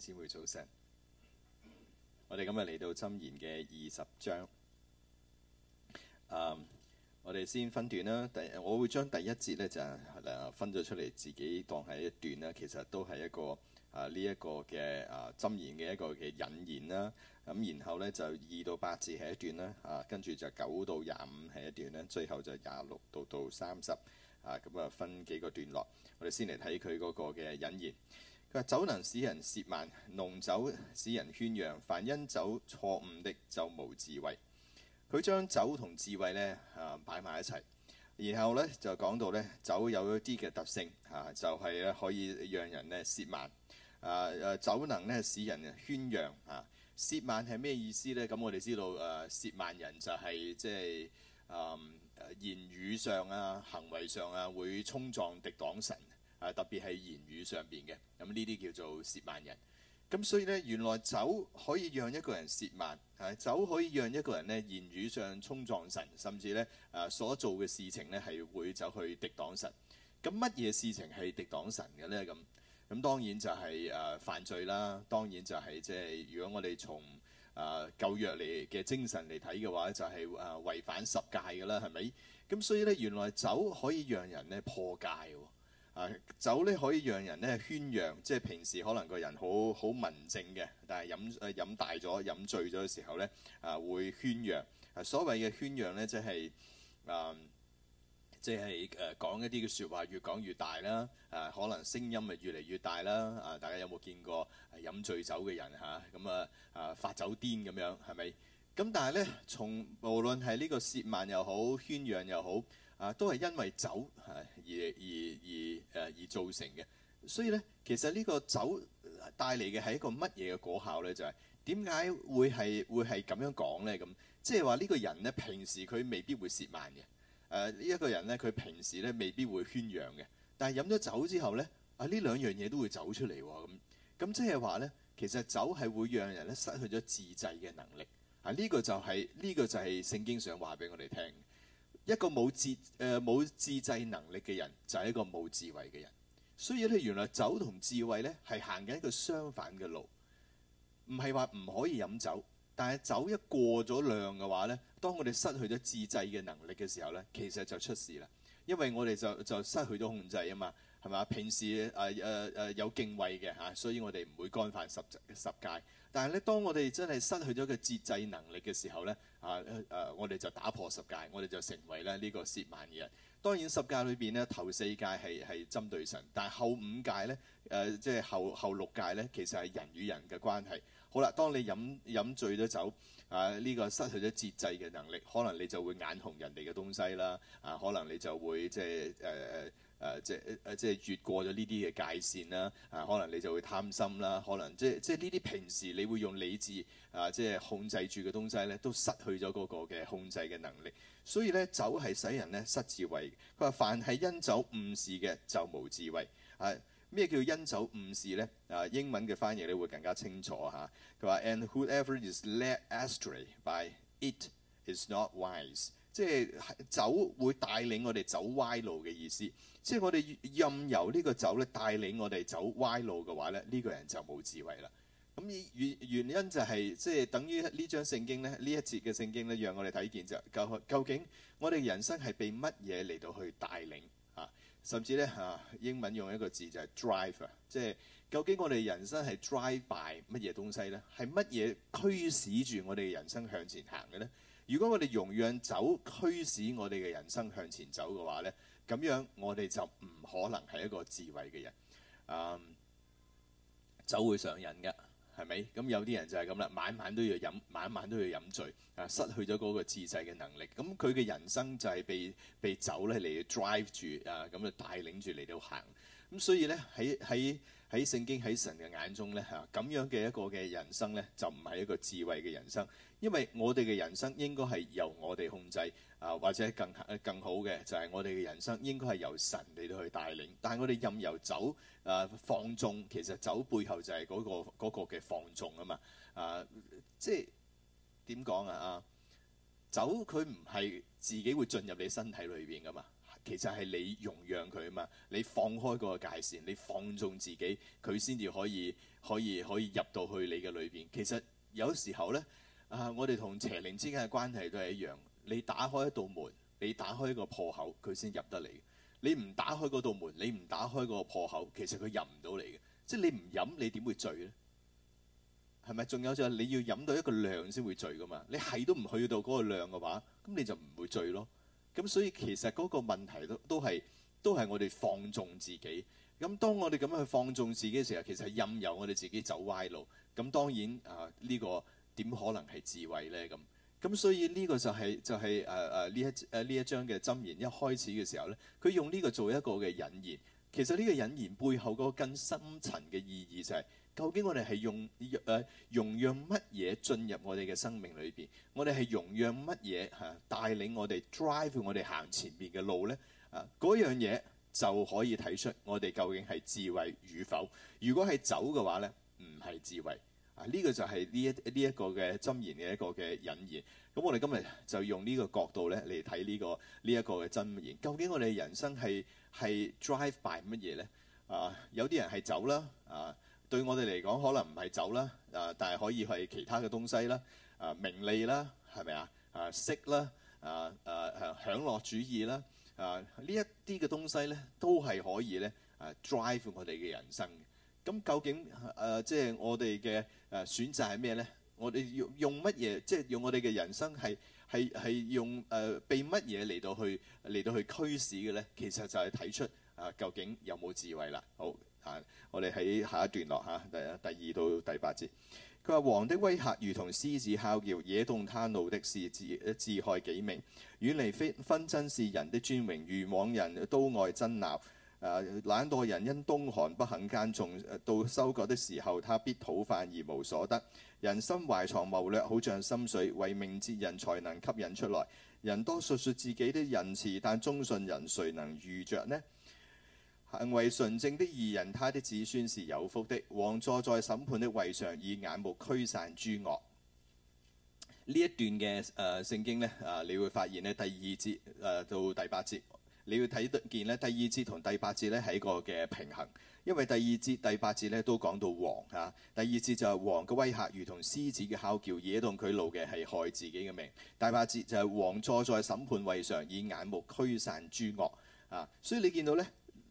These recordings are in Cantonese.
先會做聲。我哋今日嚟到《箴言》嘅二十章。誒、um,，我哋先分段啦。第，我會將第一節咧就分咗出嚟，自己當係一段啦。其實都係一個啊，呢一個嘅啊，《箴言》嘅一個嘅引言啦。咁然後咧就二到八字係一段啦，啊，跟、這、住、個啊啊、就九到廿五係一段咧、啊，最後就廿六到到三十啊，咁啊分幾個段落。我哋先嚟睇佢嗰個嘅引言。佢話酒能使人褻慢，濃酒使人喧嚷，凡因酒錯誤的就無智慧。佢將酒同智慧咧嚇擺埋一齊，然後咧就講到咧酒有一啲嘅特性嚇、啊，就係、是、咧可以讓人咧褻慢。啊誒，酒能咧使人喧嚷嚇。褻慢係咩意思咧？咁我哋知道誒、啊、褻慢人就係、是、即係誒、啊、言語上啊、行為上啊會衝撞敵擋神。啊！特別係言語上邊嘅咁呢啲叫做褻慢人咁，所以呢，原來酒可以讓一個人褻慢啊，酒可以讓一個人呢言語上衝撞神，甚至呢啊所做嘅事情呢係會走去敵擋神。咁乜嘢事情係敵擋神嘅呢？咁咁當然就係、是、誒、啊、犯罪啦，當然就係即係如果我哋從啊舊約嚟嘅精神嚟睇嘅話，就係、是、誒、啊、違反十戒㗎喇，係咪？咁所以呢，原來酒可以讓人呢破戒、哦。啊、酒咧可以讓人咧喧嚷，即係平時可能個人好好文靜嘅，但係飲誒、呃、飲大咗、飲醉咗嘅時候咧，啊會喧嚷、啊。所謂嘅喧嚷咧，即係誒、啊，即係誒、啊、講一啲嘅説話越講越大啦。誒、啊、可能聲音咪越嚟越大啦。啊，大家有冇見過飲醉酒嘅人吓、啊，咁啊啊，啊發酒癲咁樣係咪？咁但係咧，從無論係呢個褻慢又好，喧嚷又好。啊，都係因為酒、啊、而而而誒、啊、而造成嘅。所以咧，其實呢個酒帶嚟嘅係一個乜嘢嘅果效咧？就係點解會係會係咁樣講咧？咁即係話呢個人咧，平時佢未必會褻慢嘅。誒、啊、呢、這、一個人咧，佢平時咧未必會喧嚷嘅。但係飲咗酒之後咧，啊呢兩樣嘢都會走出嚟喎、哦。咁咁即係話咧，其實酒係會讓人咧失去咗自制嘅能力。啊，呢、這個就係、是、呢、這個就係聖經上話俾我哋聽。一個冇自誒冇、呃、自制能力嘅人，就係、是、一個冇智慧嘅人。所以咧，原來酒同智慧咧係行緊一個相反嘅路。唔係話唔可以飲酒，但係酒一過咗量嘅話咧，當我哋失去咗自制嘅能力嘅時候咧，其實就出事啦。因為我哋就就失去咗控制啊嘛，係嘛？平時誒誒誒有敬畏嘅嚇、啊，所以我哋唔會干犯十十誡。但係咧，當我哋真係失去咗個節制能力嘅時候咧，啊誒、啊、我哋就打破十戒，我哋就成為咧呢個涉萬嘅人。當然十戒裏邊咧，頭四戒係係針對神，但係後五戒咧，誒、呃、即係後後六戒咧，其實係人與人嘅關係。好啦，當你飲飲醉咗酒，啊呢、呢個失去咗節制嘅能力，可能你就會眼紅人哋嘅東西啦，啊可能你就會即係誒誒。呃誒、啊、即係誒誒即係越過咗呢啲嘅界線啦，啊可能你就會貪心啦，可、啊、能即係即係呢啲平時你會用理智啊即係控制住嘅東西咧，都失去咗嗰個嘅控制嘅能力。所以咧，酒係使人咧失智慧。佢話凡係因酒誤事嘅就無智慧。啊咩叫因酒誤事咧？啊英文嘅翻譯你會更加清楚嚇。佢、啊、話 And whoever is led astray by it is not wise。即係酒會帶領我哋走歪路嘅意思，即係我哋任由呢個酒咧帶領我哋走歪路嘅話咧，呢、這個人就冇智慧啦。咁原原因就係、是、即係等於呢張聖經咧，呢一節嘅聖經咧，讓我哋睇見就究，究竟我哋人生係被乜嘢嚟到去帶領啊？甚至咧啊，英文用一個字就係 drive 啊，即係究竟我哋人生係 drive by 乜嘢東西咧？係乜嘢驅使住我哋人生向前行嘅咧？如果我哋容讓酒驅使我哋嘅人生向前走嘅話呢，咁樣我哋就唔可能係一個智慧嘅人。啊、嗯，酒會上癮嘅，係咪？咁、嗯、有啲人就係咁啦，晚晚都要飲，晚晚都要飲醉，啊，失去咗嗰個自制嘅能力。咁佢嘅人生就係被被酒咧嚟 drive 住啊，咁就帶領住嚟到行。咁、啊、所以呢，喺喺喺聖經喺神嘅眼中呢，嚇、啊，咁樣嘅一個嘅人生呢，就唔係一個智慧嘅人生。因為我哋嘅人生應該係由我哋控制啊、呃，或者更更好嘅就係、是、我哋嘅人生應該係由神嚟到去帶領。但係我哋任由酒啊、呃、放縱，其實酒背後就係嗰、嗰個嘅放縱啊嘛、呃、啊！即係點講啊？啊，酒佢唔係自己會進入你身體裏邊噶嘛，其實係你容讓佢啊嘛，你放開嗰個界線，你放縱自己，佢先至可以可以可以，可以入到去你嘅裏邊。其實有時候咧。啊！我哋同邪靈之間嘅關係都係一樣。你打開一道門，你打開一個破口，佢先入得嚟。你唔打開嗰道門，你唔打開嗰個破口，其實佢入唔到嚟嘅。即係你唔飲，你點會醉咧？係咪？仲有就係你要飲到一個量先會醉噶嘛。你係都唔去到嗰個量嘅話，咁你就唔會醉咯。咁所以其實嗰個問題都都係都係我哋放縱自己。咁當我哋咁樣去放縱自己嘅時候，其實係任由我哋自己走歪路。咁當然啊，呢個。點可能係智慧呢？咁咁，所以呢個就係、是、就係誒誒呢一誒呢一章嘅箴言。一開始嘅時候咧，佢用呢個做一個嘅引言。其實呢個引言背後嗰個更深層嘅意義就係、是：究竟我哋係用誒、呃、容讓乜嘢進入我哋嘅生命裏邊？我哋係容讓乜嘢嚇帶領我哋 drive 我哋行前面嘅路咧？啊，嗰、啊、樣嘢就可以睇出我哋究竟係智慧與否。如果係走嘅話咧，唔係智慧。呢、啊這個就係呢一呢一個嘅箴言嘅、這個、一個嘅引言。咁、嗯、我哋今日就用呢個角度咧嚟睇呢、這個呢一、這個嘅箴言。究竟我哋人生係係 drive by 乜嘢咧？啊，有啲人係走啦。啊，對我哋嚟講可能唔係走啦。啊，但係可以係其他嘅東西啦。啊，名利啦，係咪啊？啊，色啦。啊啊享樂主義啦。啊，呢一啲嘅東西咧，都係可以咧啊 drive 我哋嘅人生嘅。咁、嗯、究竟誒、呃，即係我哋嘅誒選擇係咩咧？我哋用用乜嘢？即係用我哋嘅人生係係係用誒、呃、被乜嘢嚟到去嚟到去驅使嘅咧？其實就係睇出啊，究竟有冇智慧啦？好啊，我哋喺下一段落嚇，第啊第二到第八節，佢話王的威嚇如同獅子吼叫，惹動他怒的是自自害己命；遠離非紛爭是人的尊榮，愚妄人都愛爭鬧。誒、啊、懶惰人因冬寒不肯耕種、啊，到收割的時候，他必討飯而無所得。人心懷藏謀略，好像深水，為明哲人才能吸引出來。人多述説自己的仁慈，但忠信人誰能遇着呢？行為純正的義人，他的子孫是有福的。王坐在審判的位上，以眼目驅散諸惡。呢一段嘅誒、呃、聖經咧、呃，你會發現呢，第二節、呃、到第八節。你要睇得見咧，第二節同第八節咧係一個嘅平衡，因為第二節、第八節咧都講到王嚇、啊，第二節就係王嘅威嚇，如同獅子嘅吼叫，惹動佢怒嘅係害自己嘅命；第八節就係王坐在審判位上，以眼目驅散諸惡嚇、啊，所以你見到咧。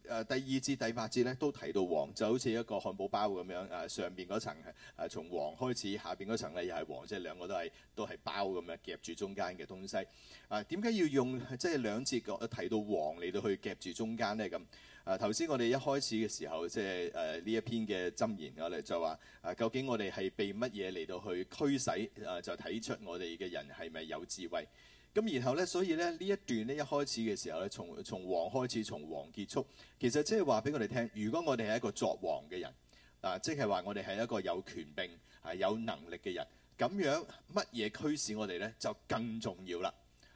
誒第二節、第八節咧都提到王，就好似一個漢堡包咁樣，誒、啊、上邊嗰層係誒、啊、從王開始，下邊嗰層咧又係王，即係兩個都係都係包咁樣夾住中間嘅東西。啊，點解要用即係兩節講提到王嚟到去夾住中間呢？咁啊頭先我哋一開始嘅時候，即係誒呢一篇嘅箴言嘅咧，就話啊究竟我哋係被乜嘢嚟到去驅使？啊就睇出我哋嘅人係咪有智慧？咁然後咧，所以咧呢一段呢，一開始嘅時候咧，從從王開始，從王結束，其實即係話俾我哋聽，如果我哋係一個作王嘅人，啊，即係話我哋係一個有權柄啊有能力嘅人，咁樣乜嘢驅使我哋咧就更重要啦，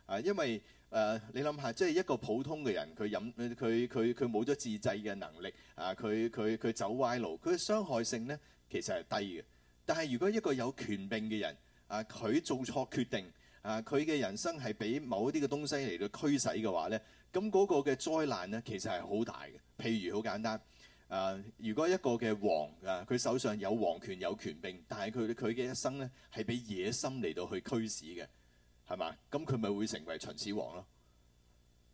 啊，因為誒、啊、你諗下，即係一個普通嘅人，佢飲佢佢佢冇咗自制嘅能力，啊，佢佢佢走歪路，佢嘅傷害性咧其實係低嘅，但係如果一個有權柄嘅人，啊，佢做錯決定。啊！佢嘅人生係俾某一啲嘅東西嚟到驅使嘅話咧，咁嗰個嘅災難咧，其實係好大嘅。譬如好簡單，啊！如果一個嘅王啊，佢手上有皇權有權柄，但係佢佢嘅一生咧係俾野心嚟到去驅使嘅，係嘛？咁佢咪會成為秦始皇咯。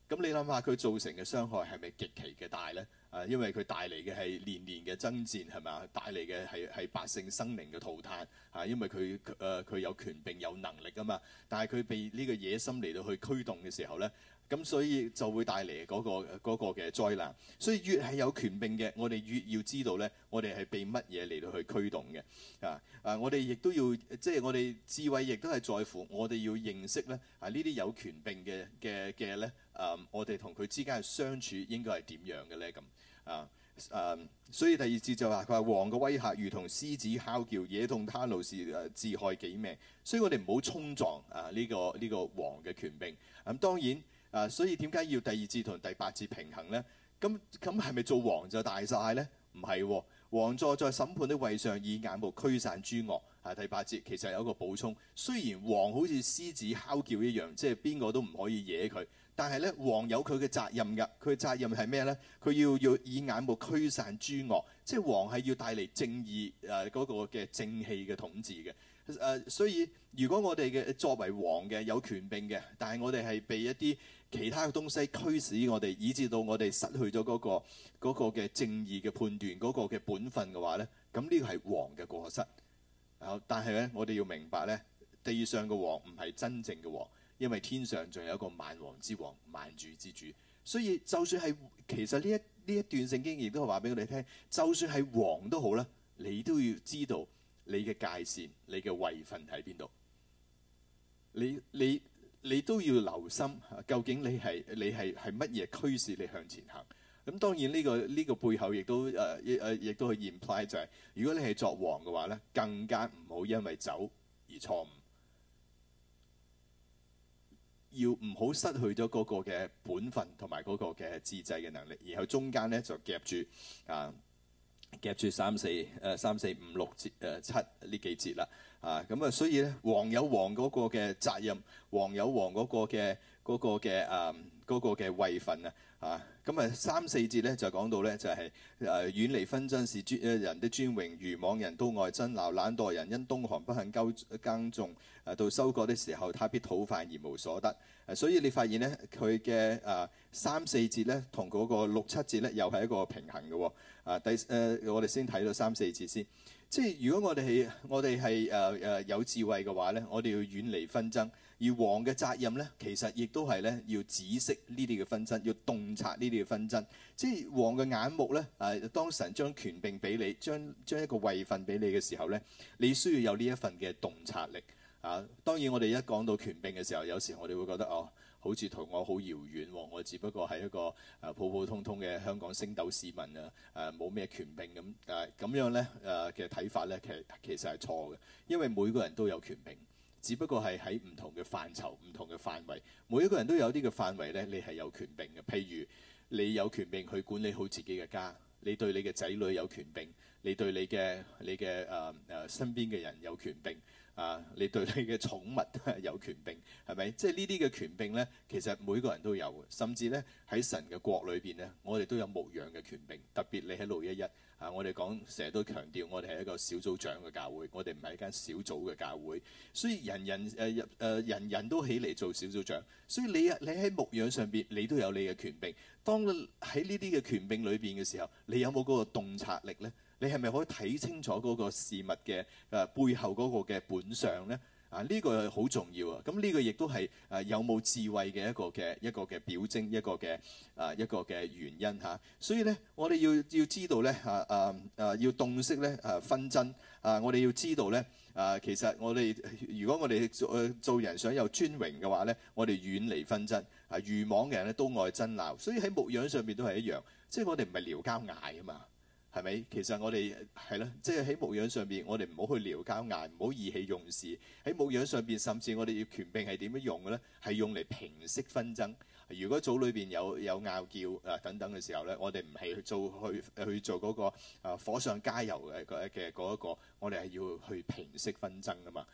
咁、嗯、你諗下，佢造成嘅傷害係咪極其嘅大呢？啊，因為佢帶嚟嘅係年年嘅爭戰係嘛，帶嚟嘅係係百姓生靈嘅塗炭啊。因為佢誒佢有權柄有能力啊嘛，但係佢被呢個野心嚟到去驅動嘅時候呢，咁、啊嗯、所以就會帶嚟嗰、嗰個嘅、嗰個、災難。所以越係有權柄嘅，我哋越要知道呢，我哋係被乜嘢嚟到去驅動嘅啊？啊！我哋亦都要即係我哋智慧亦都係在乎我哋要認識咧啊！呢啲有權柄嘅嘅嘅咧。誒、嗯，我哋同佢之間嘅相處應該係點樣嘅咧？咁啊啊，所以第二節就話佢話王嘅威嚇如同獅子哮叫，惹動他怒是誒自害己命，所以我哋唔好衝撞啊呢、呢個呢、呢個王嘅權柄。咁、嗯、當然啊，所以點解要第二節同第八節平衡咧？咁咁係咪做王就大晒咧？唔係、哦，王座在審判的位上以眼目驅散諸惡啊。第八節其實有一個補充，雖然王好似獅子哮叫一樣，即係邊個都唔可以惹佢。但係咧，王有佢嘅責任㗎。佢責任係咩咧？佢要要以眼目驅散諸惡，即係王係要帶嚟正義誒嗰、呃嗰個嘅正氣嘅統治嘅誒、呃。所以如果我哋嘅作為王嘅有權柄嘅，但係我哋係被一啲其他嘅東西驅使我，我哋以致到我哋失去咗嗰、嗰個嘅、嗰個、正義嘅判斷，嗰、嗰個嘅本分嘅話咧，咁呢個係王嘅過失。但係咧，我哋要明白咧，地上嘅王唔係真正嘅王。因為天上仲有一個萬王之王、萬主之主，所以就算係其實呢一呢一段聖經亦都係話俾我哋聽，就算係王都好啦，你都要知道你嘅界線，你嘅位份喺邊度。你你你都要留心，究竟你係你係係乜嘢驅使你向前行？咁當然呢個呢個背後亦都誒誒亦都係 imply 就係，如果你係作王嘅話咧，更加唔好因為走而錯誤。要唔好失去咗嗰個嘅本分同埋嗰個嘅自制嘅能力，然後中間咧就夾住啊，夾住三四誒、呃、三四五六節誒、呃、七呢幾節啦啊，咁啊所以咧，王有王嗰個嘅責任，王有王嗰個嘅嗰個嘅啊嗰個嘅位份啊。那個啊，咁、嗯、啊三四節咧就講到咧就係、是、誒、啊、遠離紛爭是尊誒人的尊榮，愚妄人都愛爭鬧，懶惰人因冬寒不肯耕耕種，誒、啊、到收割的時候他必討飯而無所得。誒、啊、所以你發現咧，佢嘅誒三四節咧同嗰個六七節咧又係一個平衡嘅喎、哦。啊，第誒、啊、我哋先睇到三四節先，即係如果我哋係我哋係誒誒有智慧嘅話咧，我哋要遠離紛爭。而王嘅責任呢，其實亦都係呢，要止息呢啲嘅紛爭，要洞察呢啲嘅紛爭。即係王嘅眼目呢，啊，當神將權柄俾你，將將一個位份俾你嘅時候呢，你需要有呢一份嘅洞察力。啊，當然我哋一講到權柄嘅時候，有時我哋會覺得哦，好似同我好遙遠喎，我只不過係一個誒、啊、普普通通嘅香港星斗市民啊，誒冇咩權柄咁。誒、啊、咁樣呢。誒嘅睇法呢，其實其實係錯嘅，因為每個人都有權柄。只不過係喺唔同嘅範疇、唔同嘅範圍，每一個人都有啲嘅範圍咧，你係有權柄嘅。譬如你有權柄去管理好自己嘅家，你對你嘅仔女有權柄，你對你嘅你嘅誒誒身邊嘅人有權柄，啊、呃，你對你嘅寵物有權柄，係咪？即係呢啲嘅權柄呢，其實每個人都有，甚至呢，喺神嘅國裏邊呢，我哋都有牧養嘅權柄，特別你喺611。啊！我哋講成日都強調，我哋係一個小組長嘅教會，我哋唔係一間小組嘅教會，所以人人誒入誒人人都起嚟做小組長，所以你啊你喺牧養上邊，你都有你嘅權柄。當喺呢啲嘅權柄裏邊嘅時候，你有冇嗰個洞察力咧？你係咪可以睇清楚嗰個事物嘅誒、啊、背後嗰個嘅本相咧？啊！呢、這個好重要啊！咁、這、呢個亦都係誒有冇智慧嘅一個嘅一個嘅表徵，一個嘅啊一個嘅、啊、原因嚇、啊。所以咧，我哋要要知道咧嚇啊啊，啊，要洞悉咧啊紛爭啊！我哋要知道咧啊，其實我哋、啊、如果我哋做、呃、做人想有尊榮嘅話咧，我哋遠離紛爭啊！愚妄嘅人咧都愛爭鬧，所以喺牧養上邊都係一樣，即係我哋唔係撩交嗌啊嘛。係咪？其實我哋係咯，即係喺牧養上邊，我哋唔好去撩交嗌，唔好意氣用事。喺牧養上邊，甚至我哋要權柄係點樣用嘅咧？係用嚟平息紛爭。如果組裏邊有有拗撬啊等等嘅時候咧，我哋唔係去做去去做嗰個啊火上加油嘅嘅嗰一個，我哋係要去平息紛爭噶嘛？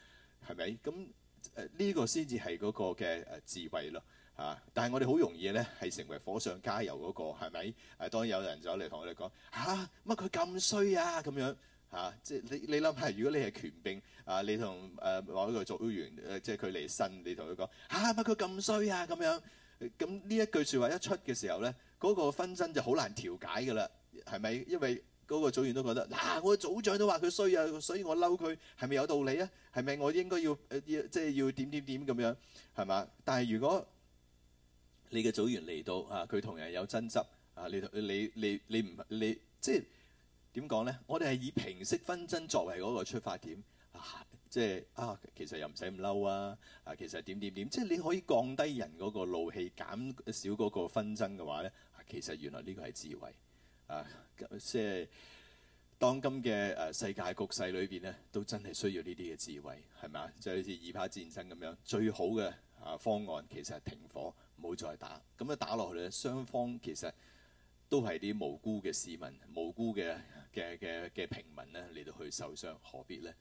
係咪？咁呢個先至係嗰個嘅智慧咯。嚇、啊！但係我哋好容易咧，係成為火上加油嗰個，係咪？誒，當然有人就嚟同我哋講：嚇，乜佢咁衰啊？咁、啊、樣嚇、啊，即係你你諗下，如果你係權柄啊，你同誒某一個組員、呃、即係佢離身，你同佢講：嚇，乜佢咁衰啊？咁、啊、樣咁呢、嗯、一句説話一出嘅時候咧，嗰、這個紛爭就好難調解㗎啦，係咪？因為嗰個組員都覺得嗱、啊，我組長都話佢衰啊，所以我嬲佢，係咪有道理啊？係咪我應該要要、呃呃、即係要點點點咁樣係嘛？但係如果你嘅組員嚟到啊，佢同人有爭執啊。你、你、你、你唔你即係點講咧？我哋係以平息紛爭作為嗰個出發點啊。即係啊，其實又唔使咁嬲啊。啊，其實點點點，即係你可以降低人嗰個怒氣，減少嗰個紛爭嘅話咧、啊、其實原來呢個係智慧啊。即係當今嘅誒世界局勢裏邊咧，都真係需要呢啲嘅智慧係咪啊？就好似以巴戰爭咁樣，最好嘅啊方案其實係停火。冇再打，咁樣打落去咧，雙方其實都係啲無辜嘅市民、無辜嘅嘅嘅嘅平民咧嚟到去受傷，何必呢？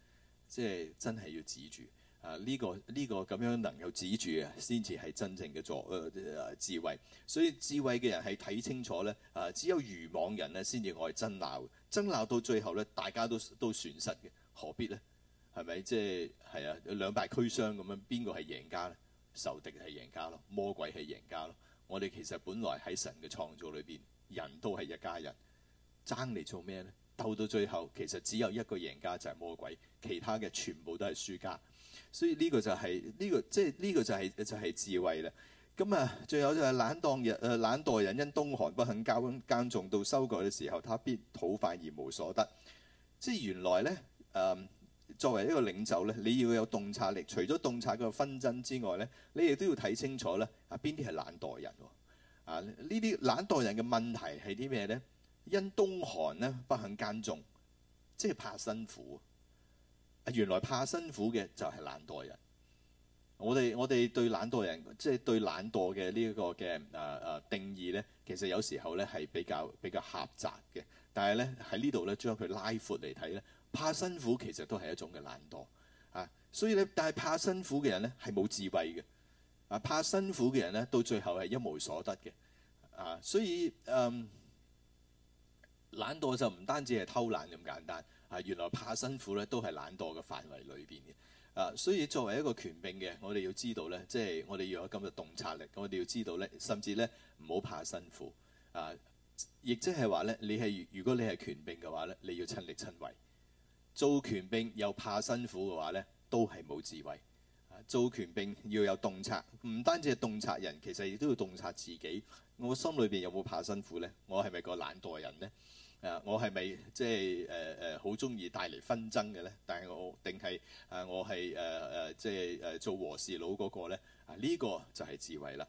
即係真係要止住啊！呢個呢個咁樣能夠止住啊，先至係真正嘅作誒智慧。所以智慧嘅人係睇清楚咧啊，只有愚妄人咧先至愛爭鬧，爭鬧到最後咧，大家都都損失嘅，何必呢？係咪？即係係啊，兩敗俱傷咁樣，邊個係贏家呢？仇敵係贏家咯，魔鬼係贏家咯。我哋其實本來喺神嘅創造裏邊，人都係一家人，爭嚟做咩呢？鬥到最後，其實只有一個贏家就係魔鬼，其他嘅全部都係輸家。所以呢個就係、是、呢、這個，即係呢個就係、是、就係、是、智慧啦。咁啊，最後就係懶惰人，懶惰人因冬寒不肯交耕耕種，到收割嘅時候，他必討飯而無所得。即係原來咧，誒、嗯。作為一個領袖咧，你要有洞察力。除咗洞察嘅紛爭之外咧，你亦都要睇清楚咧啊，邊啲係懶惰人啊，呢啲懶惰人嘅問題係啲咩咧？因冬寒咧，不肯耕種，即係怕辛苦。啊，原來怕辛苦嘅就係懶惰人。我哋我哋對懶惰人，即係對懶惰嘅呢一個嘅啊啊定義咧，其實有時候咧係比較比較狹窄嘅。但係咧，喺呢度咧，將佢拉闊嚟睇咧。怕辛苦其實都係一種嘅懶惰啊，所以咧，但係怕辛苦嘅人咧係冇智慧嘅啊。怕辛苦嘅人咧，到最後係一無所得嘅啊。所以嗯，懶惰就唔單止係偷懶咁簡單啊。原來怕辛苦咧都係懶惰嘅範圍裏邊嘅啊。所以作為一個權柄嘅，我哋要知道咧，即係我哋要有咁嘅洞察力，我哋要知道咧，甚至咧唔好怕辛苦啊。亦即係話咧，你係如果你係權柄嘅話咧，你要親力親為。做權兵又怕辛苦嘅話咧，都係冇智慧啊。做權兵要有洞察，唔單止係洞察人，其實亦都要洞察自己。我心裏邊有冇怕辛苦咧？我係咪個懶惰人咧？啊，我係咪即係誒誒好中意帶嚟紛爭嘅咧？但係我定係啊，我係誒誒即係誒做和事佬嗰個咧？啊，呢個就係智慧啦。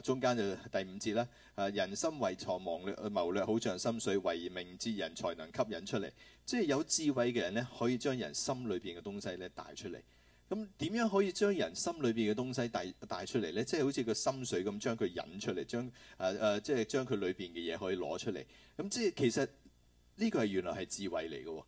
中間就第五節啦，啊，人心懷藏，謀略謀略，好像深水惟明哲人才能汲引出嚟。即係有智慧嘅人呢，可以將人心裡邊嘅東西咧帶出嚟。咁、嗯、點樣可以將人心裡邊嘅東西帶帶出嚟呢？即係好似個深水咁，將佢引出嚟，將誒誒，即係將佢裏邊嘅嘢可以攞出嚟。咁、嗯、即係其實呢、這個係原來係智慧嚟嘅、哦。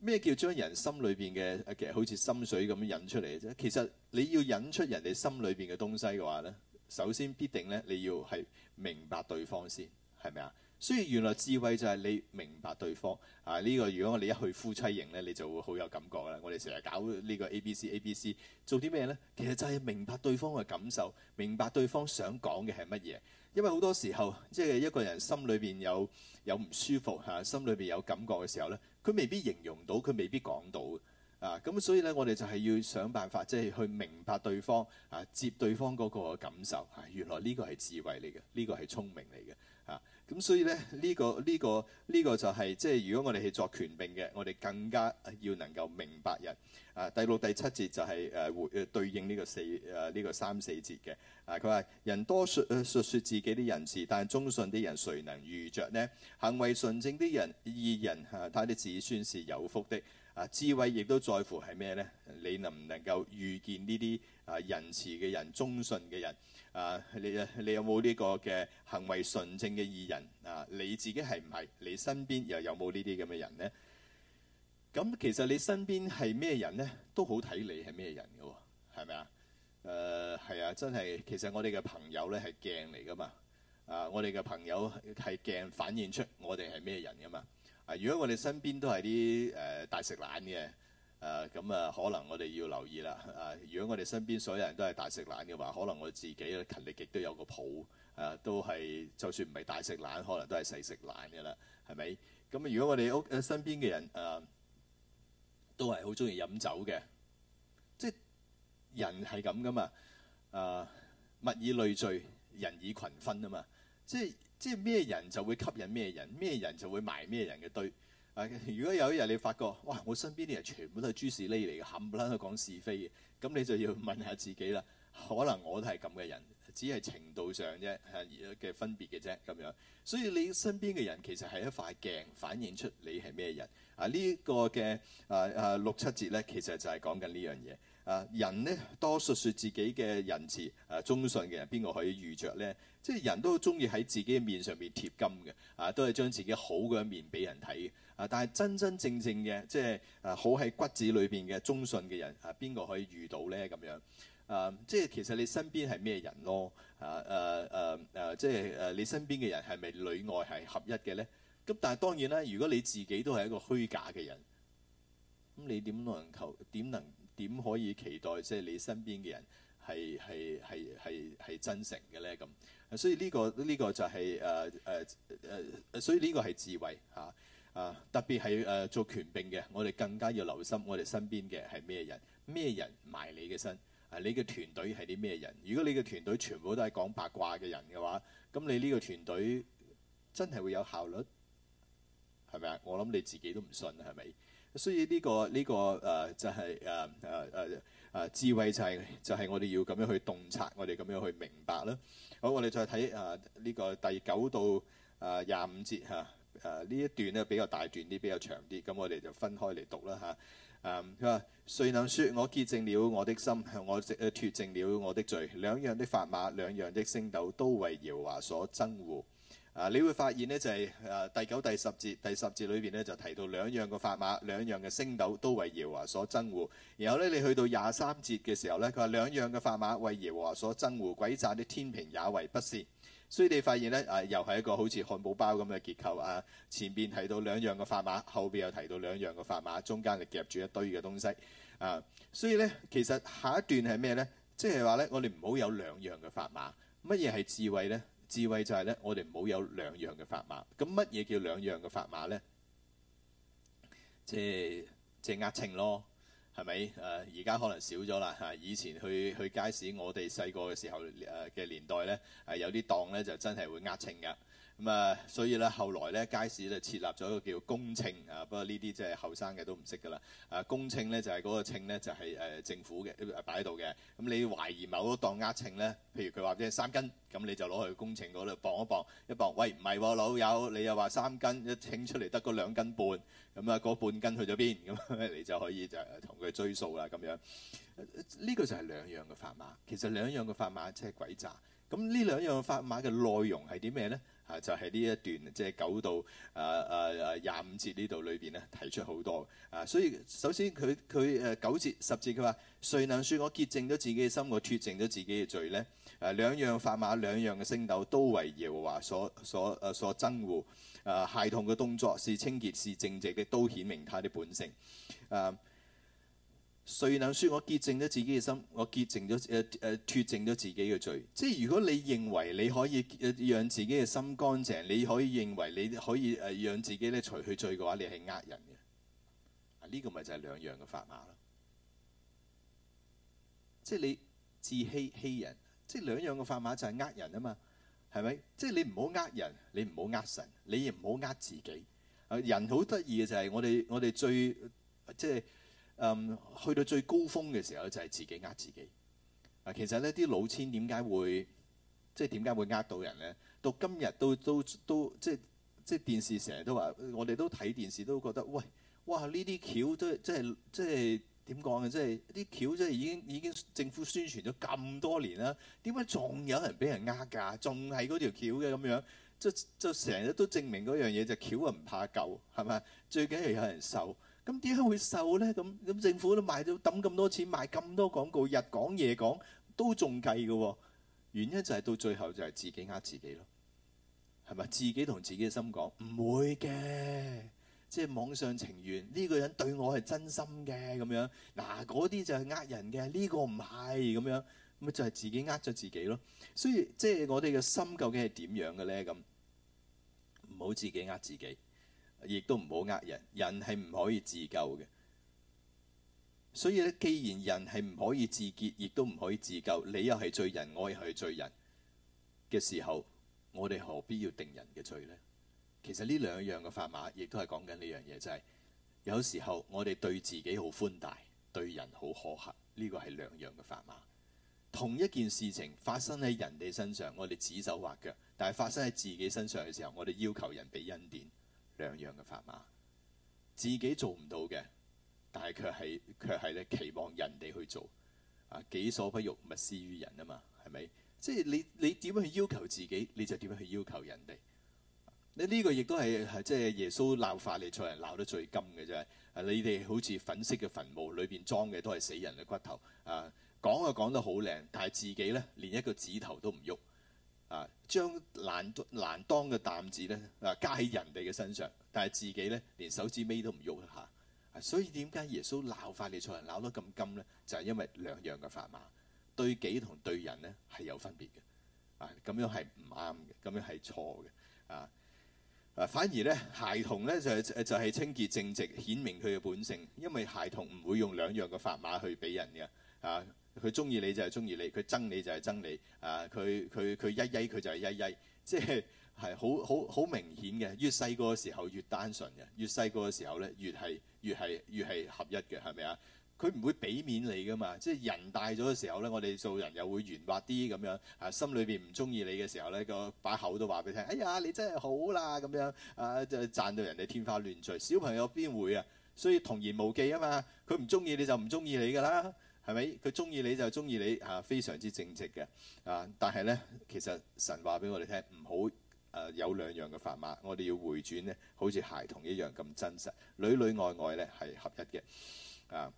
咩叫將人心裡邊嘅其實好似深水咁樣引出嚟嘅啫？其實你要引出人哋心裏邊嘅東西嘅話呢。首先必定咧，你要係明白對方先，係咪啊？所以原來智慧就係你明白對方。啊，呢個如果我哋一去夫妻營咧，你就會好有感覺㗎啦。我哋成日搞呢個 A B C A B C，做啲咩呢？其實就係明白對方嘅感受，明白對方想講嘅係乜嘢。因為好多時候，即係一個人心裏邊有有唔舒服吓，啊，心裏邊有感覺嘅時候呢，佢未必形容到，佢未必講到。啊，咁所以咧，我哋就係要想辦法，即係去明白對方啊，接對方嗰個感受。啊，原來呢個係智慧嚟嘅，呢個係聰明嚟嘅。啊，咁所以咧，呢個呢個呢個就係即係如果我哋係作權柄嘅，我哋更加要能夠明白人。啊，第六第七節就係誒回呃對應呢個四誒呢個三四節嘅。啊，佢話人多説説説自己啲人事，但係忠信啲人，誰能遇着呢？行為純正啲人，二人嚇，他啲子孫是有福的。啊，智慧亦都在乎係咩咧？你能唔能夠遇見呢啲啊仁慈嘅人、忠信嘅人啊？你你有冇呢個嘅行為純正嘅義人啊？你自己係唔係？你身邊又有冇呢啲咁嘅人呢？咁其實你身邊係咩人咧？都好睇你係咩人嘅喎？係咪啊？誒、呃、係啊！真係其實我哋嘅朋友咧係鏡嚟噶嘛啊！我哋嘅朋友係鏡，反映出我哋係咩人噶嘛？啊！如果我哋身邊都係啲誒大食懶嘅，誒咁啊，可能我哋要留意啦。啊！如果我哋身邊所有人都係大食懶嘅話，可能我自己咧勤力極都有個譜，誒、啊、都係就算唔係大食懶，可能都係細食懶嘅啦，係咪？咁、啊、如果我哋屋誒身邊嘅人誒、啊、都係好中意飲酒嘅，即係人係咁噶嘛，誒、啊、物以類聚，人以群分啊嘛，即係。即係咩人就會吸引咩人，咩人就會埋咩人嘅堆。啊，如果有一日你發覺哇，我身邊啲人全部都係豬屎喱嚟嘅，冚唪唥去講是非嘅，咁你就要問，問下自己啦。可能我都係咁嘅人，只係程度上啫，係嘅分別嘅啫咁樣。所以你身邊嘅人其實係一塊鏡，反映出你係咩人啊？呢、呢個嘅啊啊六七節呢，其實就係講緊呢樣嘢。啊！人呢，多述説自己嘅仁慈啊、忠信嘅人，邊個可以遇着呢？即係人都中意喺自己嘅面上面貼金嘅啊，都係將自己好嘅一面俾人睇啊。但係真真正正嘅，即係啊，好喺骨子裏邊嘅忠信嘅人啊，邊個可以遇到呢？咁樣啊，即係其實你身邊係咩人咯？啊啊啊啊！即係啊，你身邊嘅人係咪裏外係合一嘅呢？咁但係當然啦，如果你自己都係一個虛假嘅人，咁你點能求？點能？點可以期待即係、就是、你身邊嘅人係係係係係真誠嘅咧？咁所以呢個呢個就係誒誒誒，所以呢、這個係、這個就是啊啊、智慧嚇啊，啊！特別係誒、啊、做權柄嘅，我哋更加要留心我哋身邊嘅係咩人，咩人埋你嘅身啊？你嘅團隊係啲咩人？如果你嘅團隊全部都係講八卦嘅人嘅話，咁你呢個團隊真係會有效率係咪啊？我諗你自己都唔信係咪？所以呢、這個呢、這個誒就係誒誒誒誒智慧就係、是、就係、是、我哋要咁樣去洞察，我哋咁樣去明白啦。好，我哋再睇誒呢個第九到誒廿、啊、五節嚇誒呢一段咧比較大段啲，比較長啲。咁、嗯、我哋就分開嚟讀啦嚇。誒佢話誰能説我潔淨了我的心，我誒脱淨了我的罪？兩樣的法碼，兩樣的升斗，都為耶和華所憎惡。啊，你會發現咧就係、是、誒、啊、第九、第十節、第十節裏邊咧就提到兩樣嘅法碼，兩樣嘅升斗都為耶和華所憎惡。然後咧你去到廿三節嘅時候咧，佢話兩樣嘅法碼為耶和華所憎惡，詭詐啲天平也為不善。所以你發現咧啊，又係一個好似漢堡包咁嘅結構啊。前邊提到兩樣嘅法碼，後邊又提到兩樣嘅法碼，中間就夾住一堆嘅東西啊。所以咧其實下一段係咩咧？即係話咧，我哋唔好有兩樣嘅法碼。乜嘢係智慧咧？智慧就係咧，我哋唔好有兩樣嘅法碼。咁乜嘢叫兩樣嘅法碼咧？即係即係壓秤咯，係咪？誒而家可能少咗啦嚇。以前去去街市，我哋細個嘅時候誒嘅年代咧，係、呃、有啲檔咧就真係會壓秤㗎。咁啊、嗯，所以咧，後來咧，街市咧設立咗一個叫公秤啊。不過呢啲即係後生嘅都唔識噶啦。啊，公秤咧就係、是、嗰個秤咧就係、是、誒、呃、政府嘅擺喺度嘅。咁、嗯、你懷疑某個檔額秤咧，譬如佢話即係三斤，咁你就攞去公秤嗰度磅一磅一磅。喂，唔係喎，老友，你又話三斤一稱出嚟得嗰兩斤半，咁啊嗰半斤去咗邊？咁、嗯、 你就可以就同佢追數啦。咁樣呢、這個就係兩樣嘅砝碼。其實兩樣嘅砝碼即係鬼詐。咁呢兩樣嘅砝碼嘅內容係啲咩咧？啊，就喺、是、呢一段，即、就、係、是、九到啊啊啊廿五節裡面呢度裏邊咧，提出好多啊，所以首先佢佢誒九節十節佢話，誰能說我潔淨咗自己嘅心，我脫淨咗自己嘅罪呢？誒、啊，兩樣法碼，兩樣嘅升斗，都為耶和華所所誒、啊、所憎惡。誒、啊，孩童嘅動作是清潔，是正直嘅，都顯明他的本性。誒、啊。誰能說，我潔淨咗自己嘅心，我潔淨咗誒誒脱淨咗自己嘅罪？即係如果你認為你可以誒讓自己嘅心乾淨，你可以認為你可以誒讓自己咧除去罪嘅話，你係呃人嘅。呢、啊呢個咪就係兩樣嘅法碼咯。即係你自欺欺人，即係兩樣嘅法碼就係呃人啊嘛。係咪？即係你唔好呃人，你唔好呃神，你唔好呃自己。啊，人好得意嘅就係我哋我哋最即係。嗯，去到最高峰嘅時候就係自己呃自己。嗱、啊，其實呢啲老千點解會即係點解會呃到人呢？到今日都都都即係即係電視成日都話，我哋都睇電視都覺得，喂，哇！呢啲橋都即係即係點講啊？即係啲橋即係已經已經政府宣傳咗咁多年啦，點解仲有人俾人呃㗎？仲係嗰條橋嘅咁樣？即就成日都證明嗰樣嘢就，橋啊唔怕舊，係咪？最緊要有人受。咁點解會受咧？咁咁政府都賣到抌咁多錢，賣咁多廣告，日講夜講都仲計嘅喎。原因就係到最後就係自己呃自己咯，係咪？自己同自己嘅心講唔會嘅，即係網上情緣呢個人對我係真心嘅咁樣。嗱，嗰啲就係呃人嘅，呢個唔係咁樣，咪就係自己呃咗自己咯。所以即係我哋嘅心究竟係點樣嘅咧？咁唔好自己呃自己。亦都唔好呃人，人係唔可以自救嘅。所以咧，既然人係唔可以自潔，亦都唔可以自救，你又係罪人，我亦係罪人嘅時候，我哋何必要定人嘅罪呢？其實呢兩樣嘅法碼，亦都係講緊呢樣嘢，就係、是、有時候我哋對自己好寬大，對人好苛刻。呢個係兩樣嘅法碼。同一件事情發生喺人哋身上，我哋指手畫腳；但係發生喺自己身上嘅時候，我哋要求人俾恩典。兩樣嘅法碼，自己做唔到嘅，但係佢係佢係咧期望人哋去做，啊，己所不欲勿施於人啊嘛，係咪？即係你你點樣去要求自己，你就點樣去要求人哋，啊這個啊就是。你呢個亦都係係即係耶穌鬧法嚟，才鬧得最金嘅啫。係、啊，你哋好似粉色嘅墳墓裏邊裝嘅都係死人嘅骨頭啊，講啊講得好靚，但係自己咧連一個指頭都唔喐。啊，將難難當嘅擔子咧，嗱、啊、加喺人哋嘅身上，但係自己咧連手指尾都唔喐一下。啊，所以點解耶穌鬧法利賽人鬧得咁勁咧？就係、是、因為兩樣嘅法碼對己同對人咧係有分別嘅。啊，咁樣係唔啱嘅，咁樣係錯嘅。啊，啊反而咧孩童咧就係、是、就係、是、清潔正直，顯明佢嘅本性，因為孩童唔會用兩樣嘅法碼去俾人嘅。啊。佢中意你就係中意你，佢憎你就係憎你。啊，佢佢佢依依佢就係一依，即係係好好好明顯嘅。越細個嘅時候越單純嘅，越細個嘅時候咧越係越係越係合一嘅，係咪啊？佢唔會俾面你噶嘛。即係人大咗嘅時候咧，我哋做人又會圓滑啲咁樣。啊，心裏邊唔中意你嘅時候咧，個把口都話俾你聽。哎呀，你真係好啦咁樣。啊，就讚到人哋天花亂墜。小朋友邊會啊？所以童言無忌啊嘛。佢唔中意你就唔中意你噶啦。係咪佢中意你就中意你嚇、啊，非常之正直嘅啊。但係呢，其實神話俾我哋聽，唔好、啊、有兩樣嘅法碼。我哋要回轉呢好似孩童一樣咁真實，裏裏外外呢係合一嘅、啊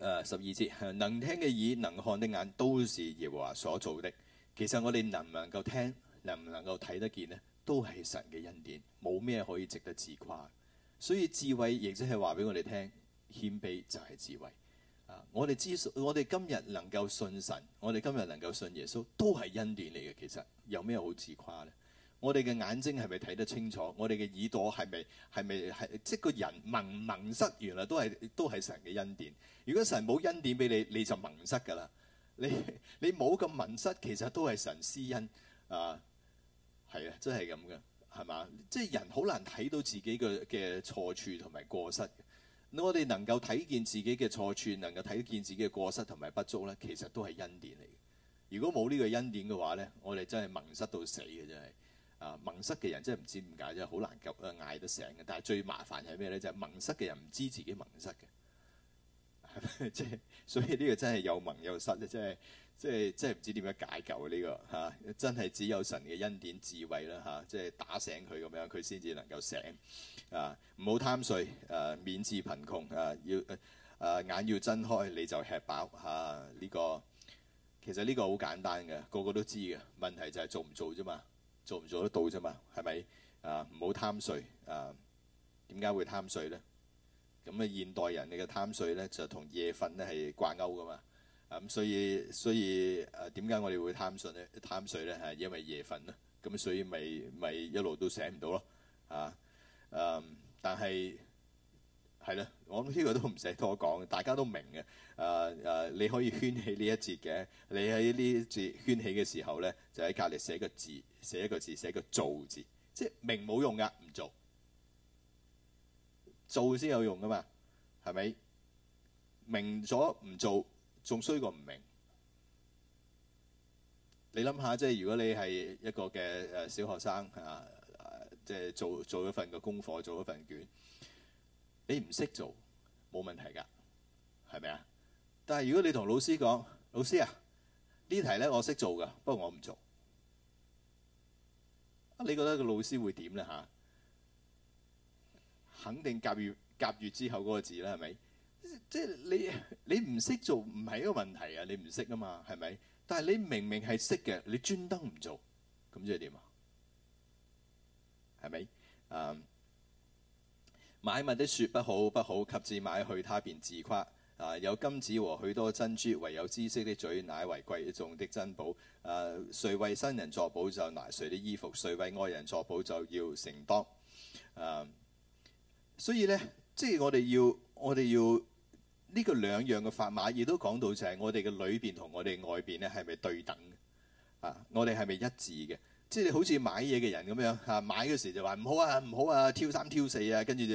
啊、十二節，能聽嘅耳，能看的眼，都是耶和華所造的。其實我哋能唔能夠聽，能唔能夠睇得見呢，都係神嘅恩典，冇咩可以值得自誇。所以智慧亦即係話俾我哋聽，謙卑就係智慧。我哋知我哋今日能夠信神，我哋今日能夠信耶穌，都係恩典嚟嘅。其實有咩好自誇咧？我哋嘅眼睛係咪睇得清楚？我哋嘅耳朵係咪係咪係？即係個人盲唔盲失，原來都係都係神嘅恩典。如果神冇恩典俾你，你就盲失噶啦。你你冇咁盲失，其實都係神施恩啊。係啊，真係咁嘅，係嘛？即係人好難睇到自己嘅嘅錯處同埋過失嘅。我哋能夠睇見自己嘅錯處，能夠睇見自己嘅過失同埋不足咧，其實都係恩典嚟。如果冇呢個恩典嘅話咧，我哋真係矇塞到死嘅，真係啊！矇塞嘅人真係唔知點解，真係好難夾硬嗌得醒嘅。但係最麻煩係咩咧？就係、是、矇塞嘅人唔知自己矇塞嘅，即 係所以呢個真係又矇又塞咧，真係。即係真係唔知點樣解救呢、這個嚇、啊，真係只有神嘅恩典智慧啦嚇、啊，即係打醒佢咁樣，佢先至能夠醒啊！唔好貪睡，誒、啊、免致貧窮，誒、啊、要誒、啊、眼要睜開，你就吃飽嚇。呢、啊這個其實呢個好簡單嘅，個個都知嘅，問題就係做唔做啫嘛，做唔做得到啫嘛，係咪啊？唔好貪睡啊！點解會貪睡咧？咁啊，現代人你嘅貪睡咧就同夜瞓咧係掛鈎㗎嘛。咁所以所以誒點解我哋會貪睡咧？貪睡咧係因為夜瞓啦。咁所以咪咪一路都寫唔到咯。啊誒，但係係啦，我諗呢個都唔使多講，大家都明嘅。誒誒，你可以圈起呢一節嘅。你喺呢一節圈起嘅時候咧，就喺隔離寫個字，寫一個字，寫個做字，即係明冇用噶，唔做做先有用噶嘛？係咪明咗唔做？仲衰過唔明，你諗下即係如果你係一個嘅誒小學生啊，即係做做一份嘅功課，做一份卷，你唔識做冇問題噶，係咪啊？但係如果你同老師講，老師啊，呢題咧我識做噶，不過我唔做，你覺得個老師會點咧吓？肯定甲乙甲乙之後嗰個字啦，係咪？即係你你唔識做唔係一個問題啊！你唔識啊嘛，係咪？但係你明明係識嘅，你專登唔做，咁即係點啊？係咪？啊！買物的説不好不好，及至買去，他便自誇。啊！有金子和許多珍珠，唯有知識的嘴乃為貴重的珍寶。啊！誰為新人作保就拿誰的衣服；誰為愛人作保就要承當。啊！所以咧，即係我哋要我哋要。呢個兩樣嘅法碼，亦都講到就係我哋嘅裏邊同我哋外邊咧，係咪對等嘅？啊，我哋係咪一致嘅？即係好似買嘢嘅人咁樣嚇、啊，買嘅時就話唔好啊，唔好啊，挑三挑四啊，跟住就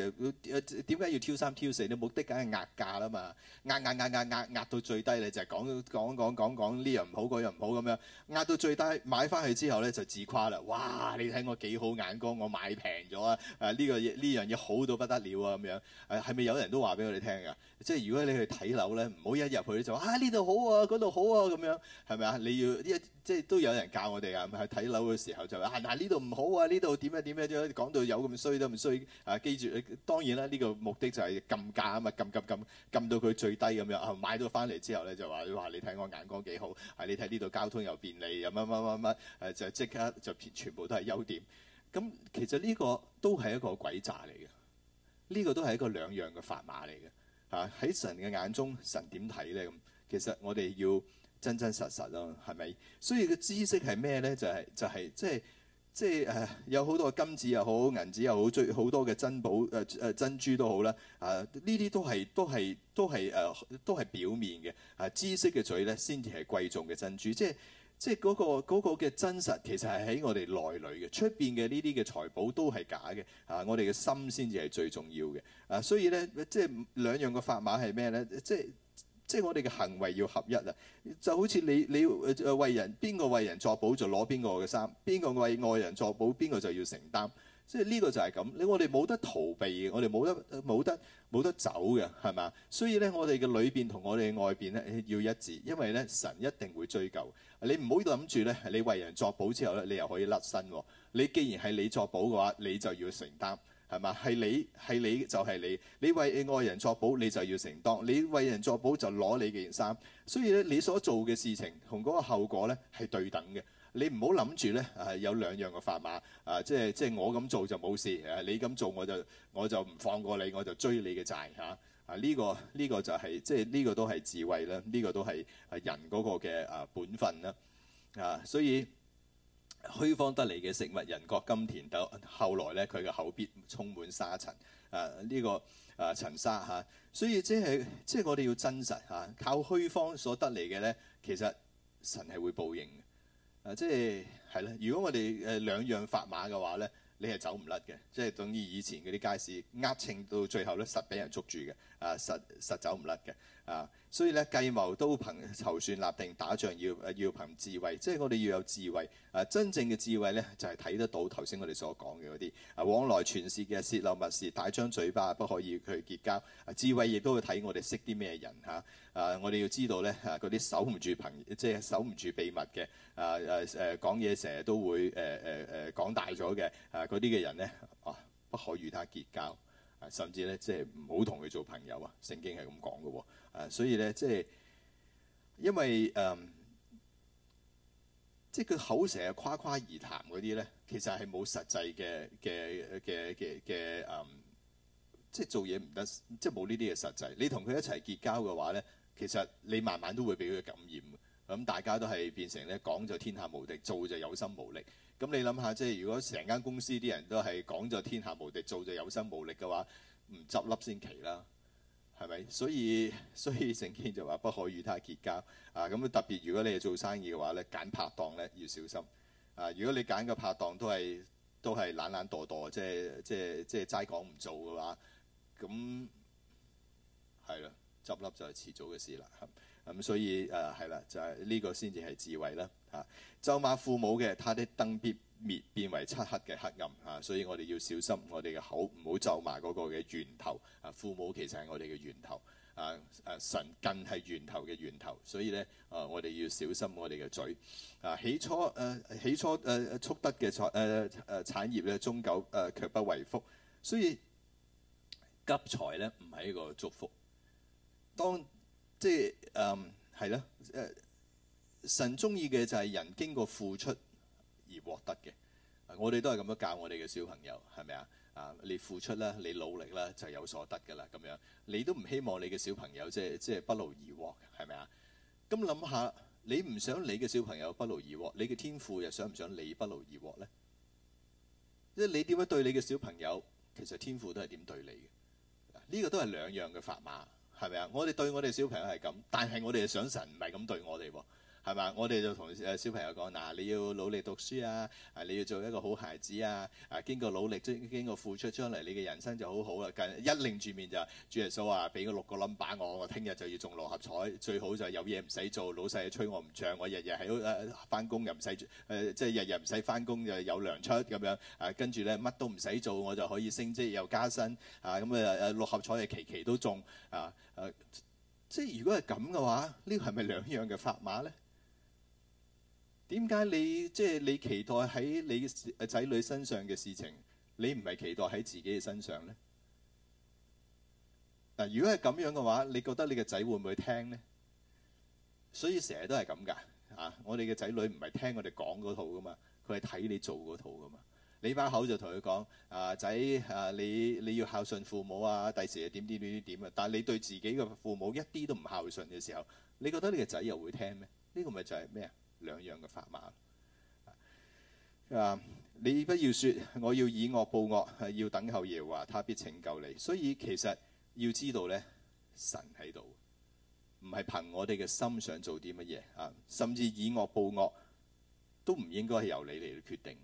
誒點解要挑三挑四？你目的梗係壓價啦嘛，壓壓壓壓壓壓到最低你就係、是、講講講講講呢樣唔好，嗰樣唔好咁樣，壓到最低買翻去之後咧就自誇啦！哇！你睇我幾好眼光，我買平咗啊！呢、呢個呢、啊、樣嘢好到不得了啊，咁樣誒，係、啊、咪有人都話俾我哋聽㗎？即係如果你去睇樓咧，唔好一入去就話啊，呢度好啊，嗰度好啊，咁樣，係咪啊？你要一即係都有人教我哋啊，係睇樓嘅。時候就話啊嗱呢度唔好啊呢度點樣點樣樣、啊、講到有咁衰都唔衰啊記住啊當然啦呢、呢個目的就係撳價啊嘛撳撳撳撳到佢最低咁樣啊買到翻嚟之後咧就話話你睇我眼光幾好啊你睇呢度交通又便利咁乜乜乜乜誒就即刻就全部都係優點咁、啊、其實呢個都係一個鬼詐嚟嘅呢個都係一個兩樣嘅法碼嚟嘅嚇喺神嘅眼中神點睇咧咁其實我哋要。真真實實咯，係咪？所以個知識係咩咧？就係、係、就係、係就係、即係即係誒，有好多金子又好銀子又好，最好多嘅珍寶誒誒珍珠都好啦。啊，呢啲、啊、都係都係、啊、都係誒都係表面嘅。啊，知識嘅嘴咧，先至係貴重嘅珍珠。即係即係、嗰、嗰個嘅、嗰個、真實，其實係喺我哋內裏嘅。出邊嘅呢啲嘅財寶都係假嘅。啊，我哋嘅心先至係最重要嘅。啊，所以咧，即係兩樣嘅法碼係咩咧？即係。即係我哋嘅行為要合一啊！就好似你你誒誒為人，邊個為人作保就攞邊個嘅衫，邊個為外人作保，邊個就要承擔。即係呢個就係咁，你我哋冇得逃避嘅，我哋冇得冇得冇得走嘅，係咪？所以咧，我哋嘅裏邊同我哋嘅外邊咧，要一致，因為咧神一定會追究。你唔好諗住咧，你為人作保之後咧，你又可以甩身。你既然係你作保嘅話，你就要承擔。係嘛？係你係你就係你，你為外人作保，你就要承當；你為人作保就攞你件衫。所以咧，你所做嘅事情同嗰個後果咧係對等嘅。你唔好諗住咧，有兩樣嘅法碼啊！即係即係我咁做就冇事，誒你咁做我就我就唔放過你，我就追你嘅債嚇。啊呢個呢個就係即係呢個都係智慧啦，呢個都係係人嗰個嘅啊本分啦啊，所以。虛方得嚟嘅食物，人覺甘甜豆，後來咧佢嘅口必充滿沙塵，誒、啊、呢、這個誒、啊、塵沙嚇、啊，所以即係即係我哋要真實嚇、啊，靠虛方所得嚟嘅咧，其實神係會報應嘅，誒即係係啦，如果我哋誒兩樣法碼嘅話咧。你係走唔甩嘅，即係等於以前嗰啲街市呃稱到最後咧，實俾人捉住嘅，啊實實走唔甩嘅，啊所以咧計謀都憑籌算立定打仗要、啊、要憑智慧，即係我哋要有智慧，啊真正嘅智慧咧就係、是、睇得到頭先我哋所講嘅嗰啲，啊往來傳舌嘅泄漏密事，大張嘴巴不可以去結交，啊、智慧亦都會睇我哋識啲咩人嚇。啊！我哋要知道咧，啊嗰啲守唔住朋友，即係守唔住秘密嘅，啊啊誒講嘢成日都會誒誒誒講大咗嘅，啊嗰啲嘅人咧，啊不可與他結交，啊、甚至咧即係唔好同佢做朋友、哦、啊！聖經係咁講嘅喎，所以咧即係因為誒、啊，即係佢口成日誇誇而談嗰啲咧，其實係冇實際嘅嘅嘅嘅嘅誒，即係做嘢唔得，即係冇呢啲嘅實際。你同佢一齊結交嘅話咧。其實你慢慢都會俾佢感染，咁、嗯、大家都係變成咧講就天下無敵，做就有心無力。咁、嗯、你諗下，即係如果成間公司啲人都係講就天下無敵，做就有心無力嘅話，唔執笠先奇啦，係咪？所以所以聖經就話不可與他結交啊。咁、嗯、特別如果你係做生意嘅話咧，揀拍檔咧要小心啊。如果你揀嘅拍檔都係都係懶懶惰惰，即係即係即係齋講唔做嘅話，咁係啦。執笠就係遲早嘅事啦，咁、嗯、所以誒係啦，就係呢、這個先至係智慧啦。嚇，咒罵父母嘅，他的燈必滅，變為漆黑嘅黑暗。嚇、啊，所以我哋要小心我哋嘅口，唔好咒罵嗰個嘅源頭。嚇、啊，父母其實係我哋嘅源頭。啊誒，神更係源頭嘅源頭，所以咧誒、啊，我哋要小心我哋嘅嘴。啊，起初誒、啊、起初誒誒，速得嘅財誒誒產業咧，終久誒卻不為福。所以急財咧唔係一個祝福。當即係誒係咧誒，神中意嘅就係人經過付出而獲得嘅。我哋都係咁樣教我哋嘅小朋友，係咪啊？啊，你付出啦，你努力啦，就有所得㗎喇。咁樣你都唔希望你嘅小朋友即係即係不勞而獲，係咪啊？咁諗下，你唔想你嘅小朋友不勞而獲，你嘅天父又想唔想你不勞而獲咧？即係你點樣對你嘅小朋友，其實天父都係點對你嘅？呢、這個都係兩樣嘅砝碼。係咪啊？我哋對我哋小朋友係咁，但係我哋嘅上神唔係咁對我哋喎，係咪？我哋就同誒小朋友講：嗱，你要努力讀書啊，你要做一個好孩子啊，啊經過努力，經過付出將來，將嚟你嘅人生就好好、啊、啦。一擰住面就主耶穌話：俾個六個冧把我，我聽日就要中六合彩，最好就有嘢唔使做，老細催我唔漲，我日日喺誒翻工又唔使誒，即係日日唔使翻工就有糧出咁樣。誒跟住咧乜都唔使做，我就可以升職又加薪，嚇咁誒誒六合彩又期期都中，啊！啊誒，即係如果係咁嘅話，呢個係咪兩樣嘅法碼咧？點解你即係、就是、你期待喺你嘅仔女身上嘅事情，你唔係期待喺自己嘅身上咧？嗱，如果係咁樣嘅話，你覺得你嘅仔會唔會聽咧？所以成日都係咁㗎啊！我哋嘅仔女唔係聽我哋講嗰套噶嘛，佢係睇你做嗰套噶嘛。你把口就同佢講，啊仔，啊你你要孝順父母啊，第時啊點點點點點啊。但係你對自己嘅父母一啲都唔孝順嘅時候，你覺得你嘅仔又會聽咩？呢個咪就係咩啊？兩樣嘅法碼。啊，你不要說我要以惡報惡，要等候耶和華，他必拯救你。所以其實要知道咧，神喺度，唔係憑我哋嘅心想做啲乜嘢啊，甚至以惡報惡都唔應該係由你嚟決定。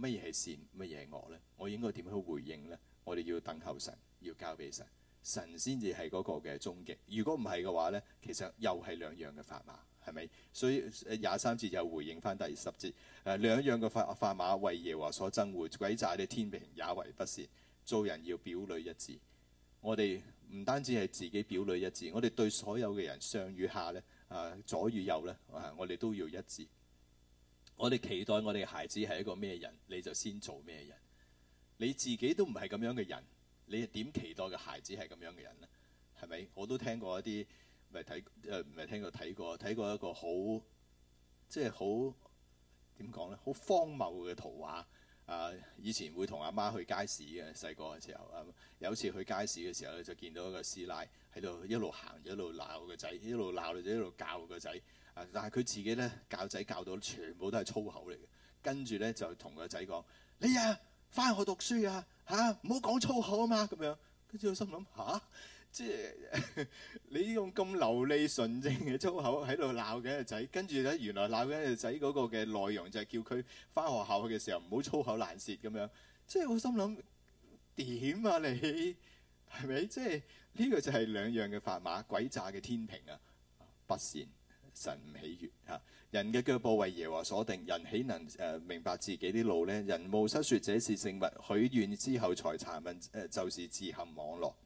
乜嘢係善，乜嘢係惡呢？我應該點樣去回應呢？我哋要等候神，要交俾神，神先至係嗰個嘅終極。如果唔係嘅話呢，其實又係兩樣嘅法碼，係咪？所以廿三節又回應翻第十節，誒、啊、兩樣嘅法法碼為耶和華所憎惡，鬼詐你天平也為不善。做人要表裏一致。我哋唔單止係自己表裏一致，我哋對所有嘅人上與下呢，啊，左與右呢，啊、我哋都要一致。我哋期待我哋嘅孩子係一個咩人，你就先做咩人。你自己都唔係咁樣嘅人，你點期待嘅孩子係咁樣嘅人呢？係咪？我都聽過一啲咪睇誒，唔係、呃、聽過睇過睇過一個好即係好點講呢？好荒謬嘅圖畫啊、呃！以前會同阿媽去街市嘅細個嘅時候啊、呃，有次去街市嘅時候咧，就見到一個師奶喺度一路行一路鬧個仔，一路鬧住一,一,一路教個仔。但係佢自己咧教仔教到全部都係粗口嚟嘅，呢，跟住咧就同個仔講：你啊，返學讀書啊，嚇唔好講粗口啊嘛！咁樣跟住我心諗吓、啊？即係 你用咁流利純正嘅粗口喺度鬧緊個仔，跟住咧原來鬧緊個仔嗰個嘅內容就係叫佢返學校去嘅時候唔好粗口爛舌咁樣。即係我心諗點啊你？你係咪？即係呢、這個就係兩樣嘅砝碼，詭詐嘅天平啊！不善。神唔喜悦嚇，人嘅腳步為耶和華所定，人豈能誒明白自己啲路呢？人冒失說這是聖物，許願之後才查問誒，就是自陷網羅。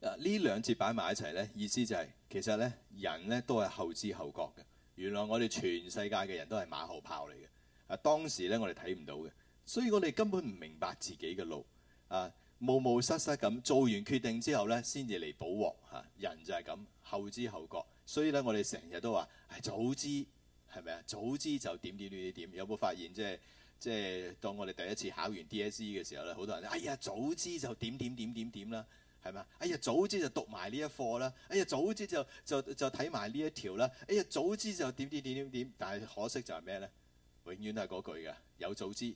呢兩節擺埋一齊呢，意思就係、是、其實呢人呢都係後知後覺嘅。原來我哋全世界嘅人都係馬後炮嚟嘅啊！當時呢我哋睇唔到嘅，所以我哋根本唔明白自己嘅路啊，冒冒失失咁做完決定之後呢，先至嚟補鑊嚇。人就係咁後知後覺。所以咧，我哋成日都話，誒，早知係咪啊？早知就點點點點點。有冇發現？即係即係當我哋第一次考完 DSE 嘅時候咧，好多人，哎呀，早知就點點點點點啦，係咪？哎呀，早知就讀埋呢一課啦，哎呀，早知就就就睇埋呢一條啦，哎呀，早知就點點點點點。但係可惜就係咩咧？永遠都係嗰句嘅，有早知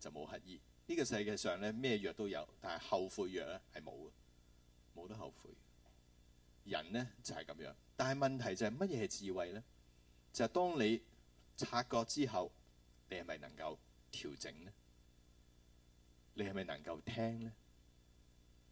就冇乞兒。呢個世界上咧，咩藥都有，但係後悔藥咧係冇嘅，冇得後悔。人呢就係、是、咁樣，但係問題就係乜嘢係智慧呢？就係、是、當你察覺之後，你係咪能夠調整呢？你係咪能夠聽呢？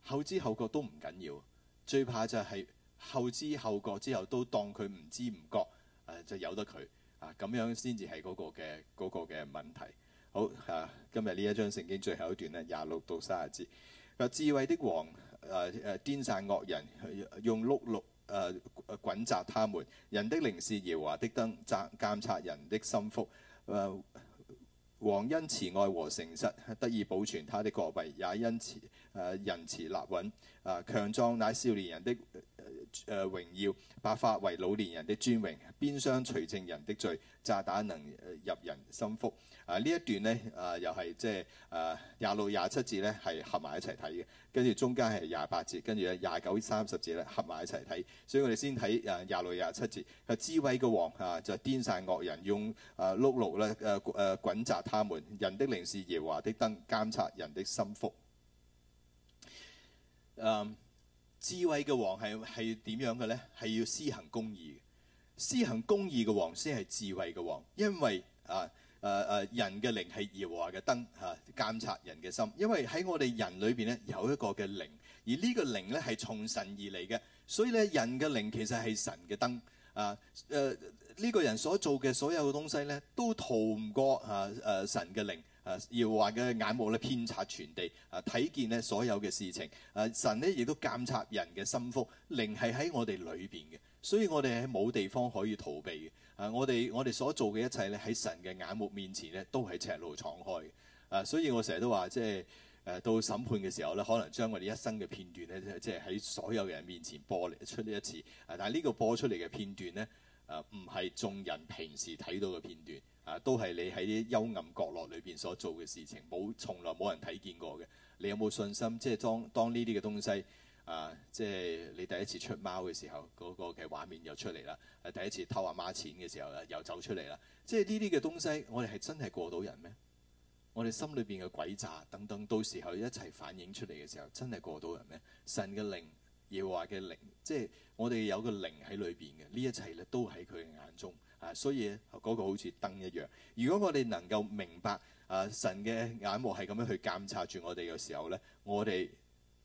後知後覺都唔緊要，最怕就係後知後覺之後都當佢唔知唔覺，誒、啊、就由得佢啊，咁樣先至係嗰個嘅嗰個嘅問題。好啊，今日呢一章聖經最後一段咧，廿六到卅節。嗱，智慧的王。誒誒，顛散、呃呃、惡人，用碌碌誒滾砸他們。人的靈是耶和華的燈，察監察人的心腹。誒、呃，王因慈愛和誠實得以保存他的國幣，也因此。誒仁慈立穩，誒強壯乃少年人的誒誒榮耀，白髮為老年人的尊榮，鞭傷除淨人的罪，責打能入人心腹。啊、呃，呢一段呢，啊、呃，又係即係啊廿六廿七節咧，係合埋一齊睇嘅。跟住中間係廿八節，跟住咧廿九三十節咧，合埋一齊睇。所以我哋先睇誒廿六廿七節，智慧嘅王啊，就係顛散惡人，用啊碌碌咧誒誒滾軋、啊、他們。人的靈是耶華的燈，監察人的心腹。誒、um, 智慧嘅王係係點樣嘅咧？係要施行公義嘅，施行公義嘅王先係智慧嘅王。因為啊誒誒、啊啊、人嘅靈係耶和華嘅燈吓監察人嘅心。因為喺我哋人裏邊咧，有一個嘅靈，而個呢個靈咧係從神而嚟嘅，所以咧人嘅靈其實係神嘅燈啊誒呢、啊這個人所做嘅所有嘅東西咧，都逃唔過嚇、啊、誒、啊、神嘅靈。誒，耶和華嘅眼目咧，遍察全地，誒、啊、睇見咧所有嘅事情。誒、啊，神呢亦都監察人嘅心腹，靈係喺我哋裏邊嘅，所以我哋係冇地方可以逃避嘅。誒、啊，我哋我哋所做嘅一切咧，喺神嘅眼目面前咧，都係赤露敞開嘅。誒、啊，所以我成日都話，即係誒到審判嘅時候咧，可能將我哋一生嘅片段咧，即係喺所有人面前播嚟出呢一次。誒、啊，但係呢個播出嚟嘅片段呢。啊，唔係眾人平時睇到嘅片段，啊，都係你喺啲幽暗角落裏邊所做嘅事情，冇，從來冇人睇見過嘅。你有冇信心？即係當當呢啲嘅東西，啊，即係你第一次出貓嘅時候，嗰個嘅畫面又出嚟啦。啊，第一次偷阿媽錢嘅時候啊，又走出嚟啦。即係呢啲嘅東西，我哋係真係過到人咩？我哋心裏邊嘅詭詐等等，到時候一齊反映出嚟嘅時候，真係過到人咩？神嘅靈。耶和華嘅靈，即係我哋有個靈喺裏邊嘅，呢一切咧都喺佢眼中啊！所以嗰個好似燈一樣。如果我哋能夠明白啊，神嘅眼目係咁樣去監察住我哋嘅時候咧，我哋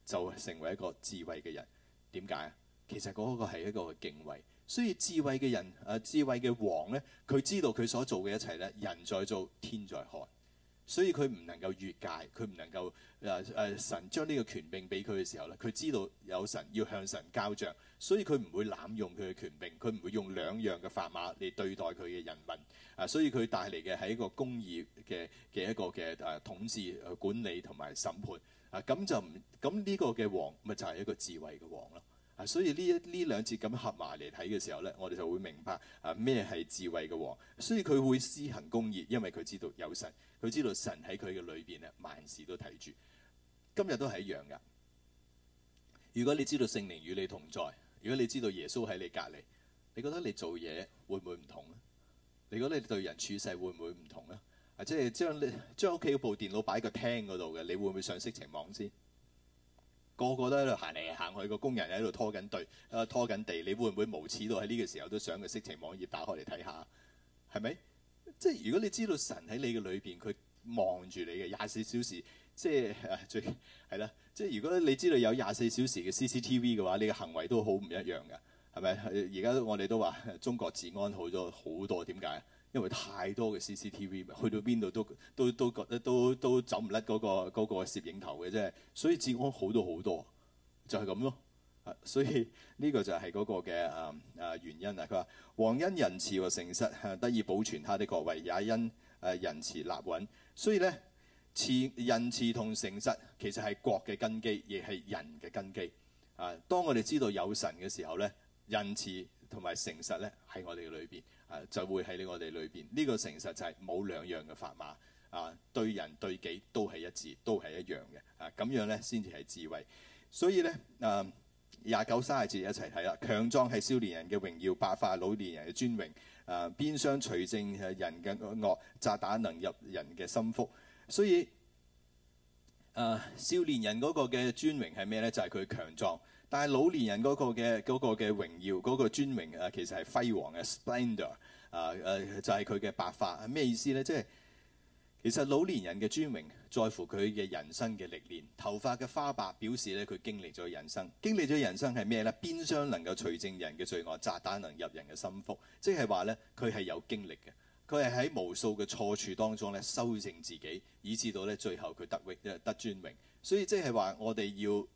就成為一個智慧嘅人。點解啊？其實嗰個係一個敬畏。所以智慧嘅人啊，智慧嘅王咧，佢知道佢所做嘅一切咧，人在做，天在看。所以佢唔能夠越界，佢唔能夠誒誒、呃呃、神將呢個權柄俾佢嘅時候咧，佢知道有神要向神交賬，所以佢唔會濫用佢嘅權柄，佢唔會用兩樣嘅法碼嚟對待佢嘅人民啊、呃，所以佢帶嚟嘅係一個公義嘅嘅一個嘅誒統治、管理同埋審判啊，咁、呃、就唔咁呢個嘅王咪就係、是、一個智慧嘅王咯。啊，所以呢一呢兩節咁合埋嚟睇嘅時候咧，我哋就會明白啊咩係智慧嘅王喎。所以佢會施行公義，因為佢知道有神，佢知道神喺佢嘅裏邊咧，萬事都睇住。今日都係一樣噶。如果你知道聖靈與你同在，如果你知道耶穌喺你隔離，你覺得你做嘢會唔會唔同咧？你覺得你對人處世會唔會唔同咧？啊，即係將你將屋企部電腦擺喺個廳嗰度嘅，你會唔會上色情網先？個個都喺度行嚟行去，個工人喺度拖緊隊，誒拖緊地。你會唔會無恥到喺呢個時候都想個色情網頁打開嚟睇下？係咪？即係如果你知道神喺你嘅裏邊，佢望住你嘅廿四小時，即係最係啦。即係如果你知道有廿四小時嘅 CCTV 嘅話，你嘅行為都好唔一樣㗎。係咪？而家我哋都話中國治安好咗好多，點解？因為太多嘅 CCTV，去到邊度都都都覺得都都走唔甩嗰個嗰個攝影頭嘅啫，所以治安好到好多，就係咁咯。所以呢個就係嗰個嘅啊啊原因啦。佢話，王因仁慈和誠實得以保存他的國位，也因誒仁慈立穩。所以咧，慈仁慈同誠實其實係國嘅根基，亦係人嘅根基。啊，當我哋知道有神嘅時候咧，仁慈。同埋誠實咧，喺我哋裏邊啊，就會喺呢我哋裏邊。呢、這個誠實就係冇兩樣嘅法碼啊，對人對己都係一致，都係一樣嘅啊。咁樣咧先至係智慧。所以咧啊，廿九三十節一齊睇啦。強壯係少年人嘅榮耀，白髮老年人嘅尊榮啊。鞭傷除淨人嘅惡，責打能入人嘅心腹。所以啊，少年人嗰個嘅尊榮係咩咧？就係、是、佢強壯。但係老年人嗰個嘅嗰個嘅榮耀嗰、嗰個尊榮啊，其實係輝煌嘅 splendor 啊，誒、啊、就係佢嘅白髮係咩、啊、意思呢？即係其實老年人嘅尊榮，在乎佢嘅人生嘅歷練，頭髮嘅花白表示咧佢經歷咗人生，經歷咗人生係咩呢？鞭傷能夠除淨人嘅罪惡，責打能入人嘅心腹，即係話呢，佢係有經歷嘅，佢係喺無數嘅錯處當中咧修正自己，以至到呢最後佢得得尊榮。所以即係話我哋要。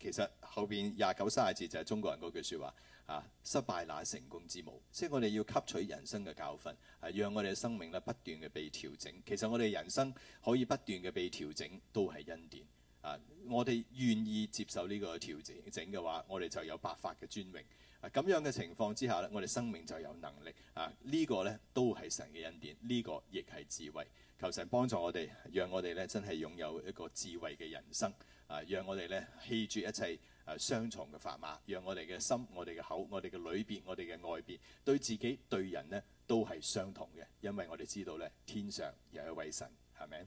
其實後邊廿九三十節就係中國人嗰句説話啊，失敗乃成功之母，即係我哋要吸取人生嘅教訓，係、啊、讓我哋嘅生命咧不斷嘅被調整。其實我哋人生可以不斷嘅被調整，都係恩典啊！我哋願意接受呢個調整整嘅話，我哋就有白髮嘅尊榮啊！咁樣嘅情況之下咧，我哋生命就有能力啊！這個、呢個咧都係神嘅恩典，呢、這個亦係智慧。求神幫助我哋，讓我哋咧真係擁有一個智慧嘅人生。啊！讓我哋咧棄絕一切誒啊、雙重嘅砝碼，讓我哋嘅心、我哋嘅口、我哋嘅裏邊，我哋嘅外邊對自己、對人咧都係相同嘅，因為我哋知道咧，天上有一位神，係咪？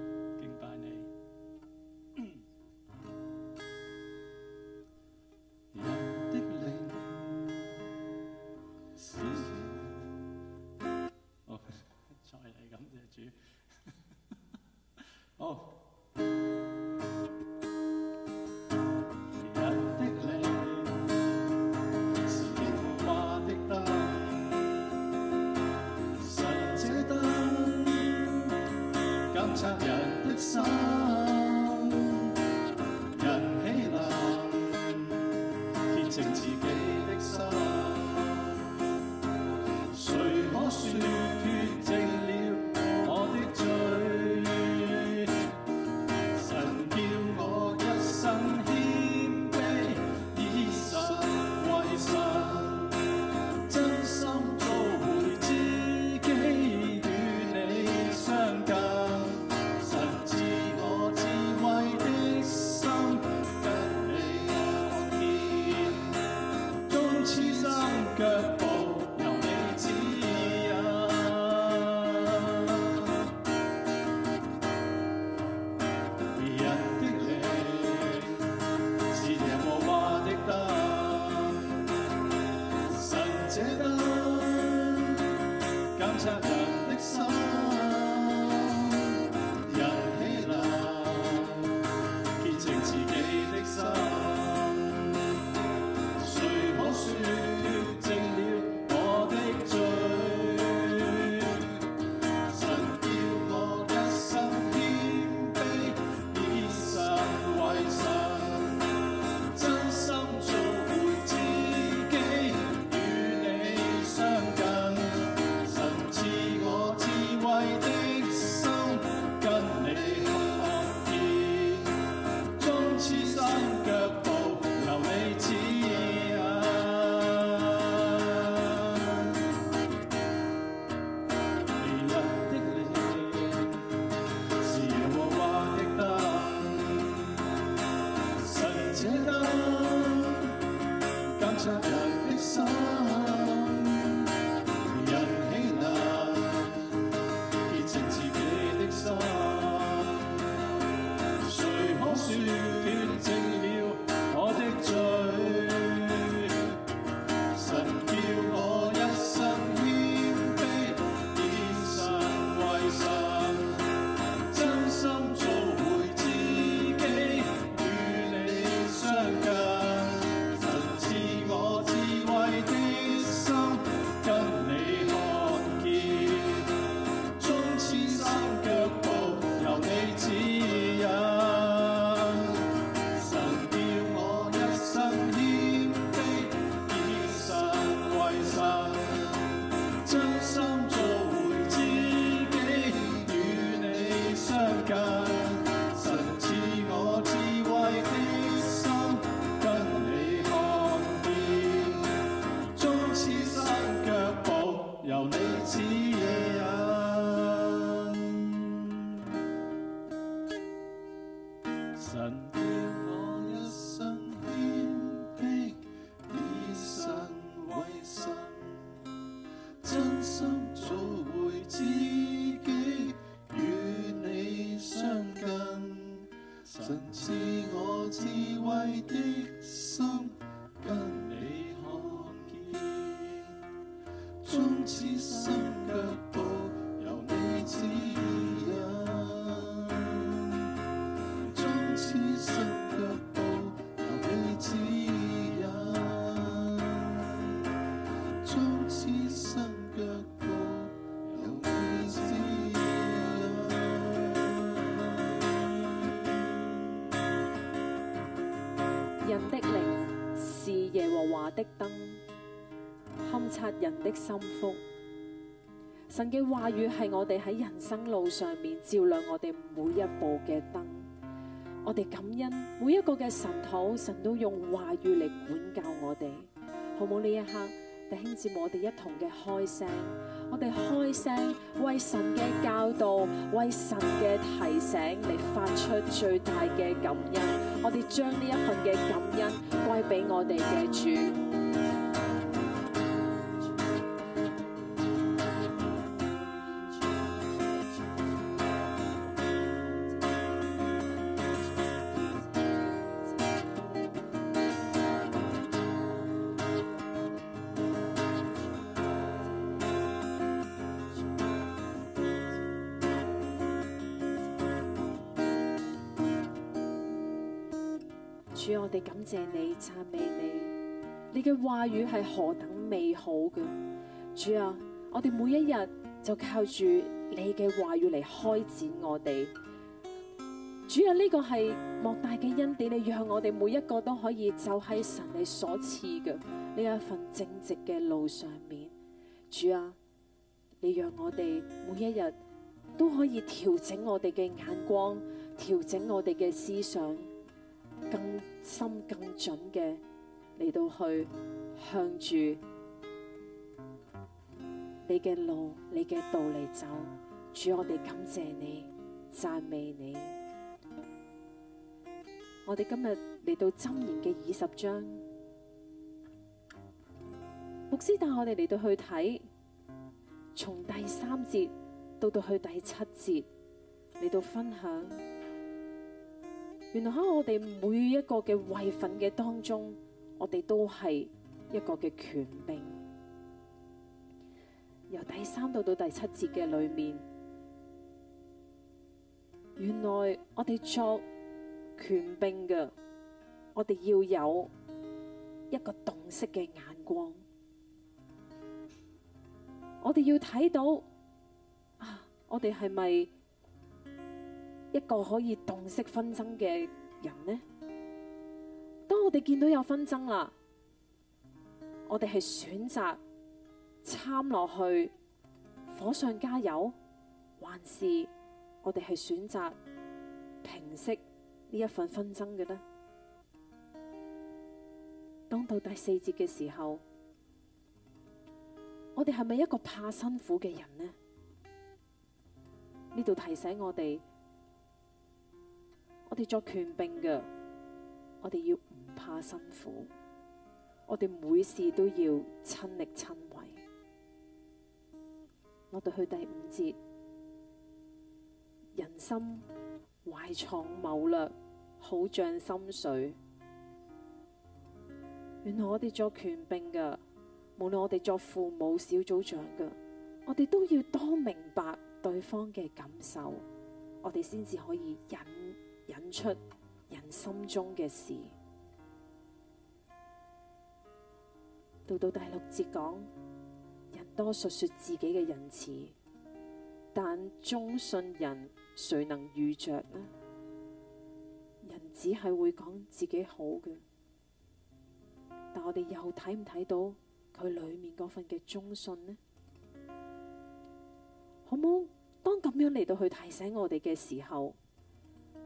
人的心腹，神嘅話語係我哋喺人生路上面照亮我哋每一步嘅燈。我哋感恩每一個嘅神徒，神都用話語嚟管教我哋，好唔好呢一刻？弟兄姊妹，我哋一同嘅開聲，我哋開聲為神嘅教導，為神嘅提醒嚟發出最大嘅感恩。我哋將呢一份嘅感恩歸俾我哋嘅主。謝，謝你，讚美你，你嘅話語係何等美好嘅，主啊，我哋每一日就靠住你嘅話語嚟開展我哋。主啊，呢、這個係莫大嘅恩典，你讓我哋每一個都可以就喺神你所賜嘅呢一份正直嘅路上面。主啊，你讓我哋每一日都可以調整我哋嘅眼光，調整我哋嘅思想。更深、更準嘅嚟到去向住你嘅路、你嘅道嚟走，主，我哋感謝你、讚美你。我哋今日嚟到箴言嘅二十章，牧師帶我哋嚟到去睇，從第三節到到去第七節嚟到分享。原來喺我哋每一個嘅位份嘅當中，我哋都係一個嘅權柄。由第三到到第七節嘅裏面，原來我哋作權柄嘅，我哋要有一個洞悉嘅眼光，我哋要睇到啊，我哋係咪？一個可以洞悉紛爭嘅人呢？當我哋見到有紛爭啦，我哋係選擇摻落去火上加油，還是我哋係選擇平息呢一份紛爭嘅呢？當到第四節嘅時候，我哋係咪一個怕辛苦嘅人呢？呢度提醒我哋。我哋做權柄嘅，我哋要唔怕辛苦，我哋每事都要親力親為。我哋去第五節，人心懷藏謀略，好像深水。原來我哋做權柄嘅，無論我哋做父母小組長嘅，我哋都要多明白對方嘅感受，我哋先至可以忍。出人心中嘅事，到到第六節講，人多述說自己嘅仁慈，但忠信人誰能遇着呢？人只係會講自己好嘅，但我哋又睇唔睇到佢裏面嗰份嘅忠信呢？好冇？當咁樣嚟到去提醒我哋嘅時候，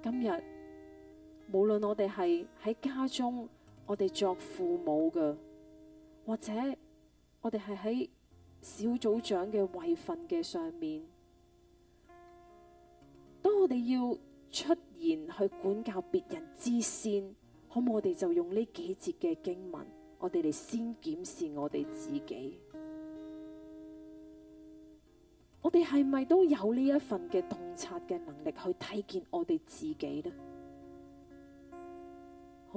今日。無論我哋係喺家中，我哋作父母嘅，或者我哋係喺小組長嘅位份嘅上面，當我哋要出現去管教別人，之先，可唔可？我哋就用呢幾節嘅經文，我哋嚟先檢視我哋自己。我哋係咪都有呢一份嘅洞察嘅能力去睇見我哋自己呢？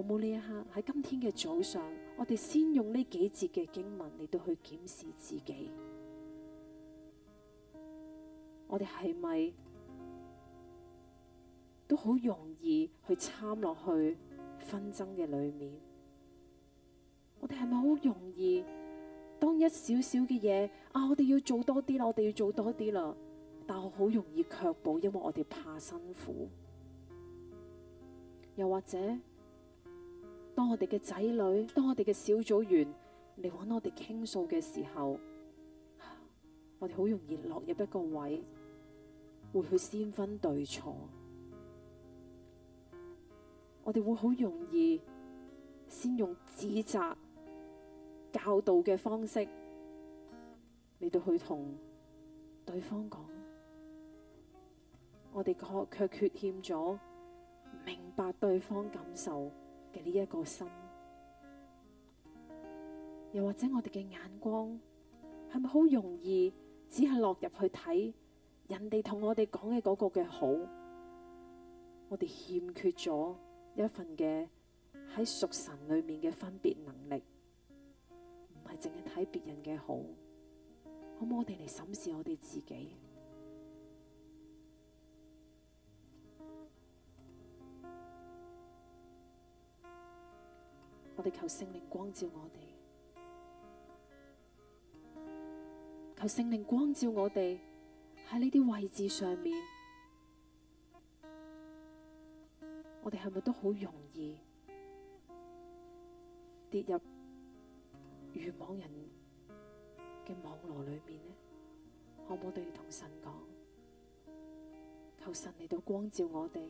好冇？呢一刻喺今天嘅早上，我哋先用呢幾節嘅經文嚟到去檢視自己，我哋係咪都好容易去參落去紛爭嘅裏面？我哋係咪好容易當一少少嘅嘢啊？我哋要做多啲啦，我哋要做多啲啦，但我好容易卻步，因為我哋怕辛苦，又或者。當我哋嘅仔女，當我哋嘅小組員嚟搵我哋傾訴嘅時候，我哋好容易落入一個位，會去先分對錯。我哋會好容易先用指責、教導嘅方式嚟到去同對方講。我哋卻卻缺欠咗明白對方感受。嘅呢一個心，又或者我哋嘅眼光，係咪好容易只係落入去睇人哋同我哋講嘅嗰個嘅好？我哋欠缺咗一份嘅喺屬神裡面嘅分別能力，唔係淨係睇別人嘅好，可唔可以我哋嚟審視我哋自己？我哋求聖靈光照我哋，求聖靈光照我哋喺呢啲位置上面，我哋係咪都好容易跌入愚妄人嘅網絡裏面呢？可唔可以同神講？求神嚟到光照我哋。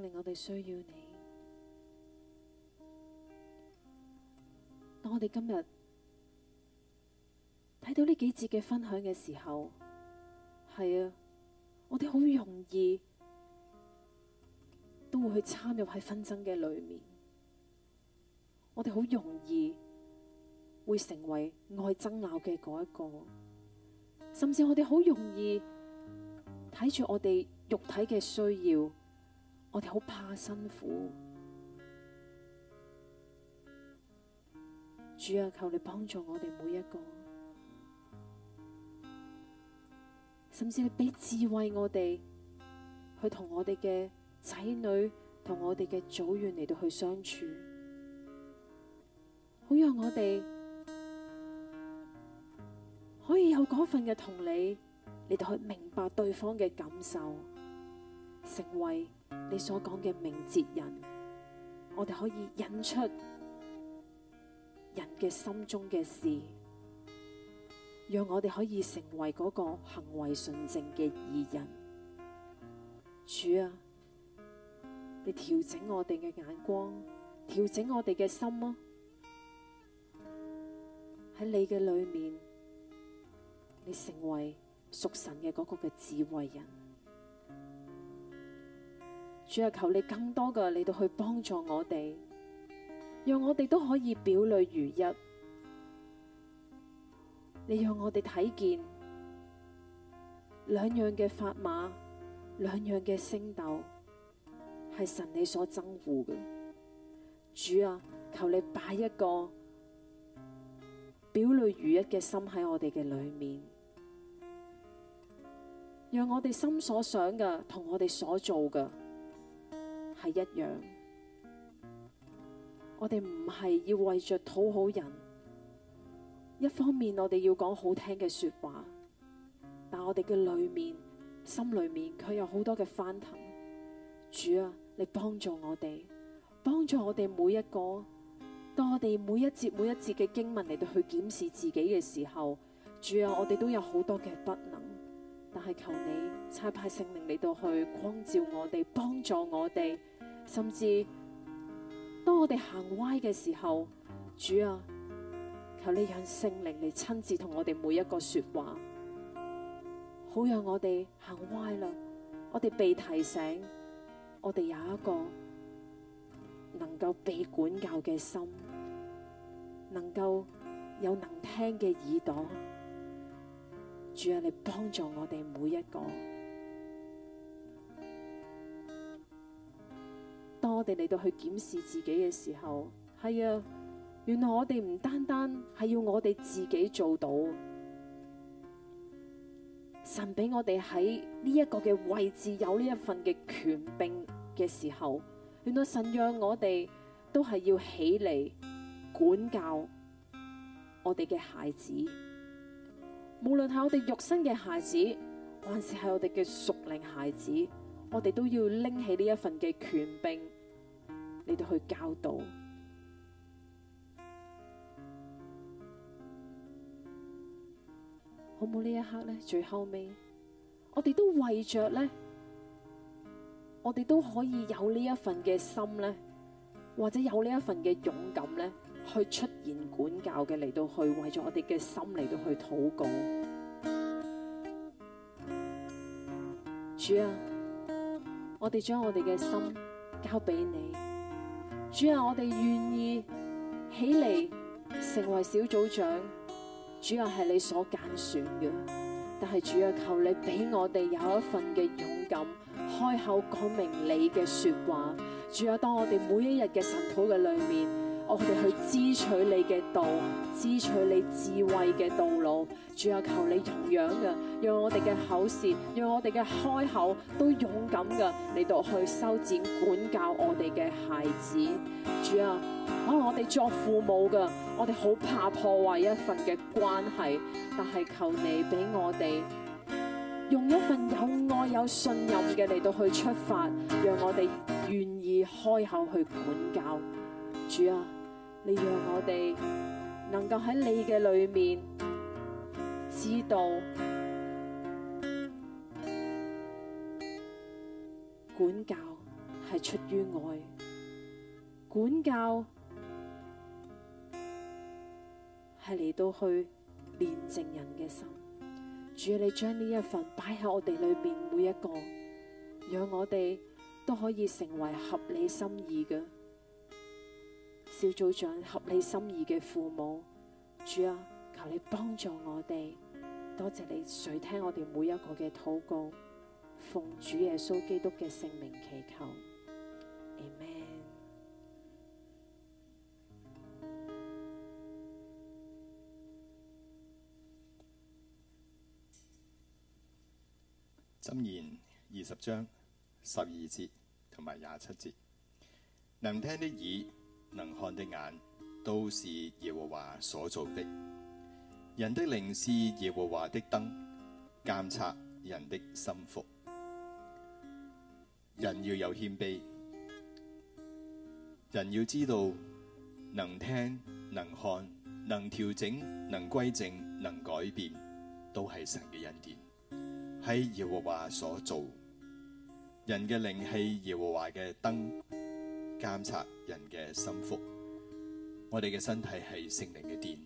令我哋需要你。當我哋今日睇到呢幾節嘅分享嘅時候，係啊，我哋好容易都會去參入喺紛爭嘅裏面。我哋好容易會成為愛爭鬧嘅嗰一個，甚至我哋好容易睇住我哋肉體嘅需要。我哋好怕辛苦，主要求你幫助我哋每一個，甚至你俾智慧我哋，去同我哋嘅仔女、同我哋嘅祖遠嚟到去相處，好讓我哋可以有嗰份嘅同理嚟到去明白對方嘅感受，成為。你所講嘅明哲人，我哋可以引出人嘅心中嘅事，讓我哋可以成為嗰個行為純正嘅義人。主啊，你調整我哋嘅眼光，調整我哋嘅心咯、啊。喺你嘅裏面，你成為屬神嘅嗰個嘅智慧人。主啊，求你更多嘅你都去幫助我哋，讓我哋都可以表裏如一。你讓我哋睇見兩樣嘅法碼，兩樣嘅升斗係神你所憎惡嘅。主啊，求你擺一個表裏如一嘅心喺我哋嘅裏面，讓我哋心所想嘅同我哋所做嘅。係一樣，我哋唔係要為着討好人，一方面我哋要講好聽嘅說話，但我哋嘅裏面，心裏面，佢有好多嘅翻騰。主啊，你幫助我哋，幫助我哋每一個，當我哋每一節、每一節嘅經文嚟到去檢視自己嘅時候，主啊，我哋都有好多嘅不。但係求你差派聖靈嚟到去光照我哋、幫助我哋，甚至當我哋行歪嘅時候，主啊，求你讓聖靈嚟親自同我哋每一個說話，好讓我哋行歪啦，我哋被提醒，我哋有一個能夠被管教嘅心，能夠有能聽嘅耳朵。主啊，嚟幫助我哋每一個，當我哋嚟到去檢視自己嘅時候，係啊，原來我哋唔單單係要我哋自己做到，神俾我哋喺呢一個嘅位置有呢一份嘅權柄嘅時候，原來神讓我哋都係要起嚟管教我哋嘅孩子。無論係我哋肉身嘅孩子，還是係我哋嘅屬靈孩子，我哋都要拎起呢一份嘅權柄嚟到去教導，好唔好呢一刻呢？最後尾，我哋都為著呢，我哋都可以有呢一份嘅心呢，或者有呢一份嘅勇敢呢。去出現管教嘅嚟到去為咗我哋嘅心嚟到去禱告。主啊，我哋將我哋嘅心交俾你，主啊，我哋願意起嚟成為小組長，主啊係你所揀選嘅，但係主啊求你俾我哋有一份嘅勇敢開口講明你嘅說話，主啊當我哋每一日嘅晨禱嘅裏面。我哋去支取你嘅道，支取你智慧嘅道路。主啊，求你同樣嘅，用我哋嘅口舌，用我哋嘅開口都勇敢嘅嚟到去修剪管教我哋嘅孩子。主啊，可能我哋作父母嘅，我哋好怕破壞一份嘅關係，但係求你俾我哋用一份有愛有信任嘅嚟到去出發，讓我哋願意開口去管教。主啊！你讓我哋能夠喺你嘅裏面知道管教係出於愛，管教係嚟到去練淨人嘅心。主啊，你將呢一份擺喺我哋裏面每一個，讓我哋都可以成為合你心意嘅。小組長，合你心意嘅父母，主啊，求你幫助我哋。多謝你垂聽我哋每一個嘅禱告，奉主耶穌基督嘅聖名祈求，Amen。箴言二十章十二節同埋廿七節，能聽啲耳，能看的眼都是耶和華所造的，人的靈是耶和華的燈，監察人的心腹。人要有謙卑，人要知道能聽、能看、能調整、能歸正、能改變，都係神嘅恩典，係耶和華所造。人嘅靈器耶和華嘅燈。監察人嘅心腹，我哋嘅身體係聖靈嘅殿。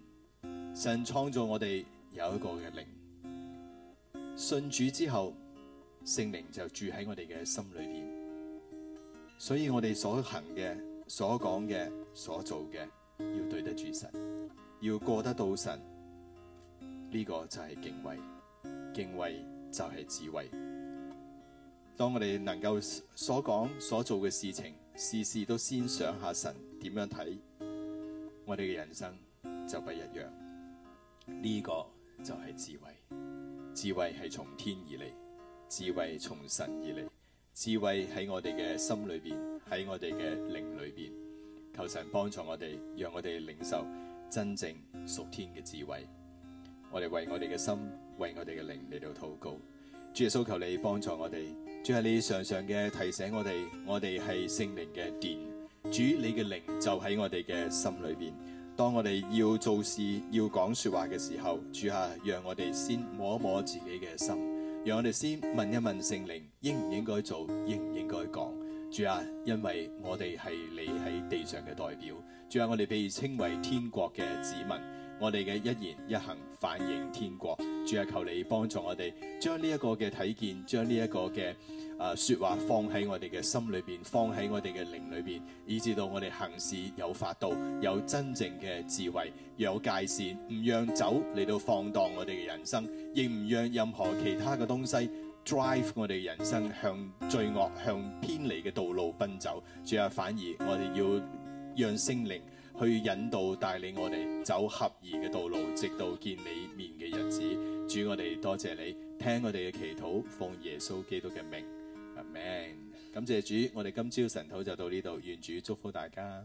神創造我哋有一個嘅靈，信主之後，聖靈就住喺我哋嘅心裏邊。所以我哋所行嘅、所講嘅、所做嘅，要對得住神，要過得到神呢個就係敬畏。敬畏就係智慧。當我哋能夠所講所做嘅事情。事事都先想下神點樣睇，我哋嘅人生就不一樣。呢個就係智慧，智慧係從天而嚟，智慧從神而嚟，智慧喺我哋嘅心裏邊，喺我哋嘅靈裏邊。求神幫助我哋，讓我哋領受真正屬天嘅智慧。我哋為我哋嘅心，為我哋嘅靈嚟到禱告。主耶穌，求你幫助我哋。主啊，你常常嘅提醒我哋，我哋係聖靈嘅殿，主你嘅靈就喺我哋嘅心裏邊。當我哋要做事、要講說話嘅時候，主啊，讓我哋先摸一摸自己嘅心，讓我哋先問一問聖靈應唔應該做、應唔應該講。主啊，因為我哋係你喺地上嘅代表，主啊，我哋被稱為天國嘅子民，我哋嘅一言一行，反映天國，主啊，求你幫助我哋，將呢一個嘅睇見，將呢一個嘅誒説話放喺我哋嘅心裏邊，放喺我哋嘅靈裏邊，以至到我哋行事有法度，有真正嘅智慧，有界線，唔讓酒嚟到放蕩我哋嘅人生，亦唔讓任何其他嘅東西 drive 我哋嘅人生向罪惡向偏離嘅道路奔走。主啊，反而我哋要讓聖靈。去引導帶領我哋走合宜嘅道路，直到見你面嘅日子。主，我哋多謝你，聽我哋嘅祈禱，奉耶穌基督嘅名。阿門。感謝主，我哋今朝晨禱就到呢度，願主祝福大家。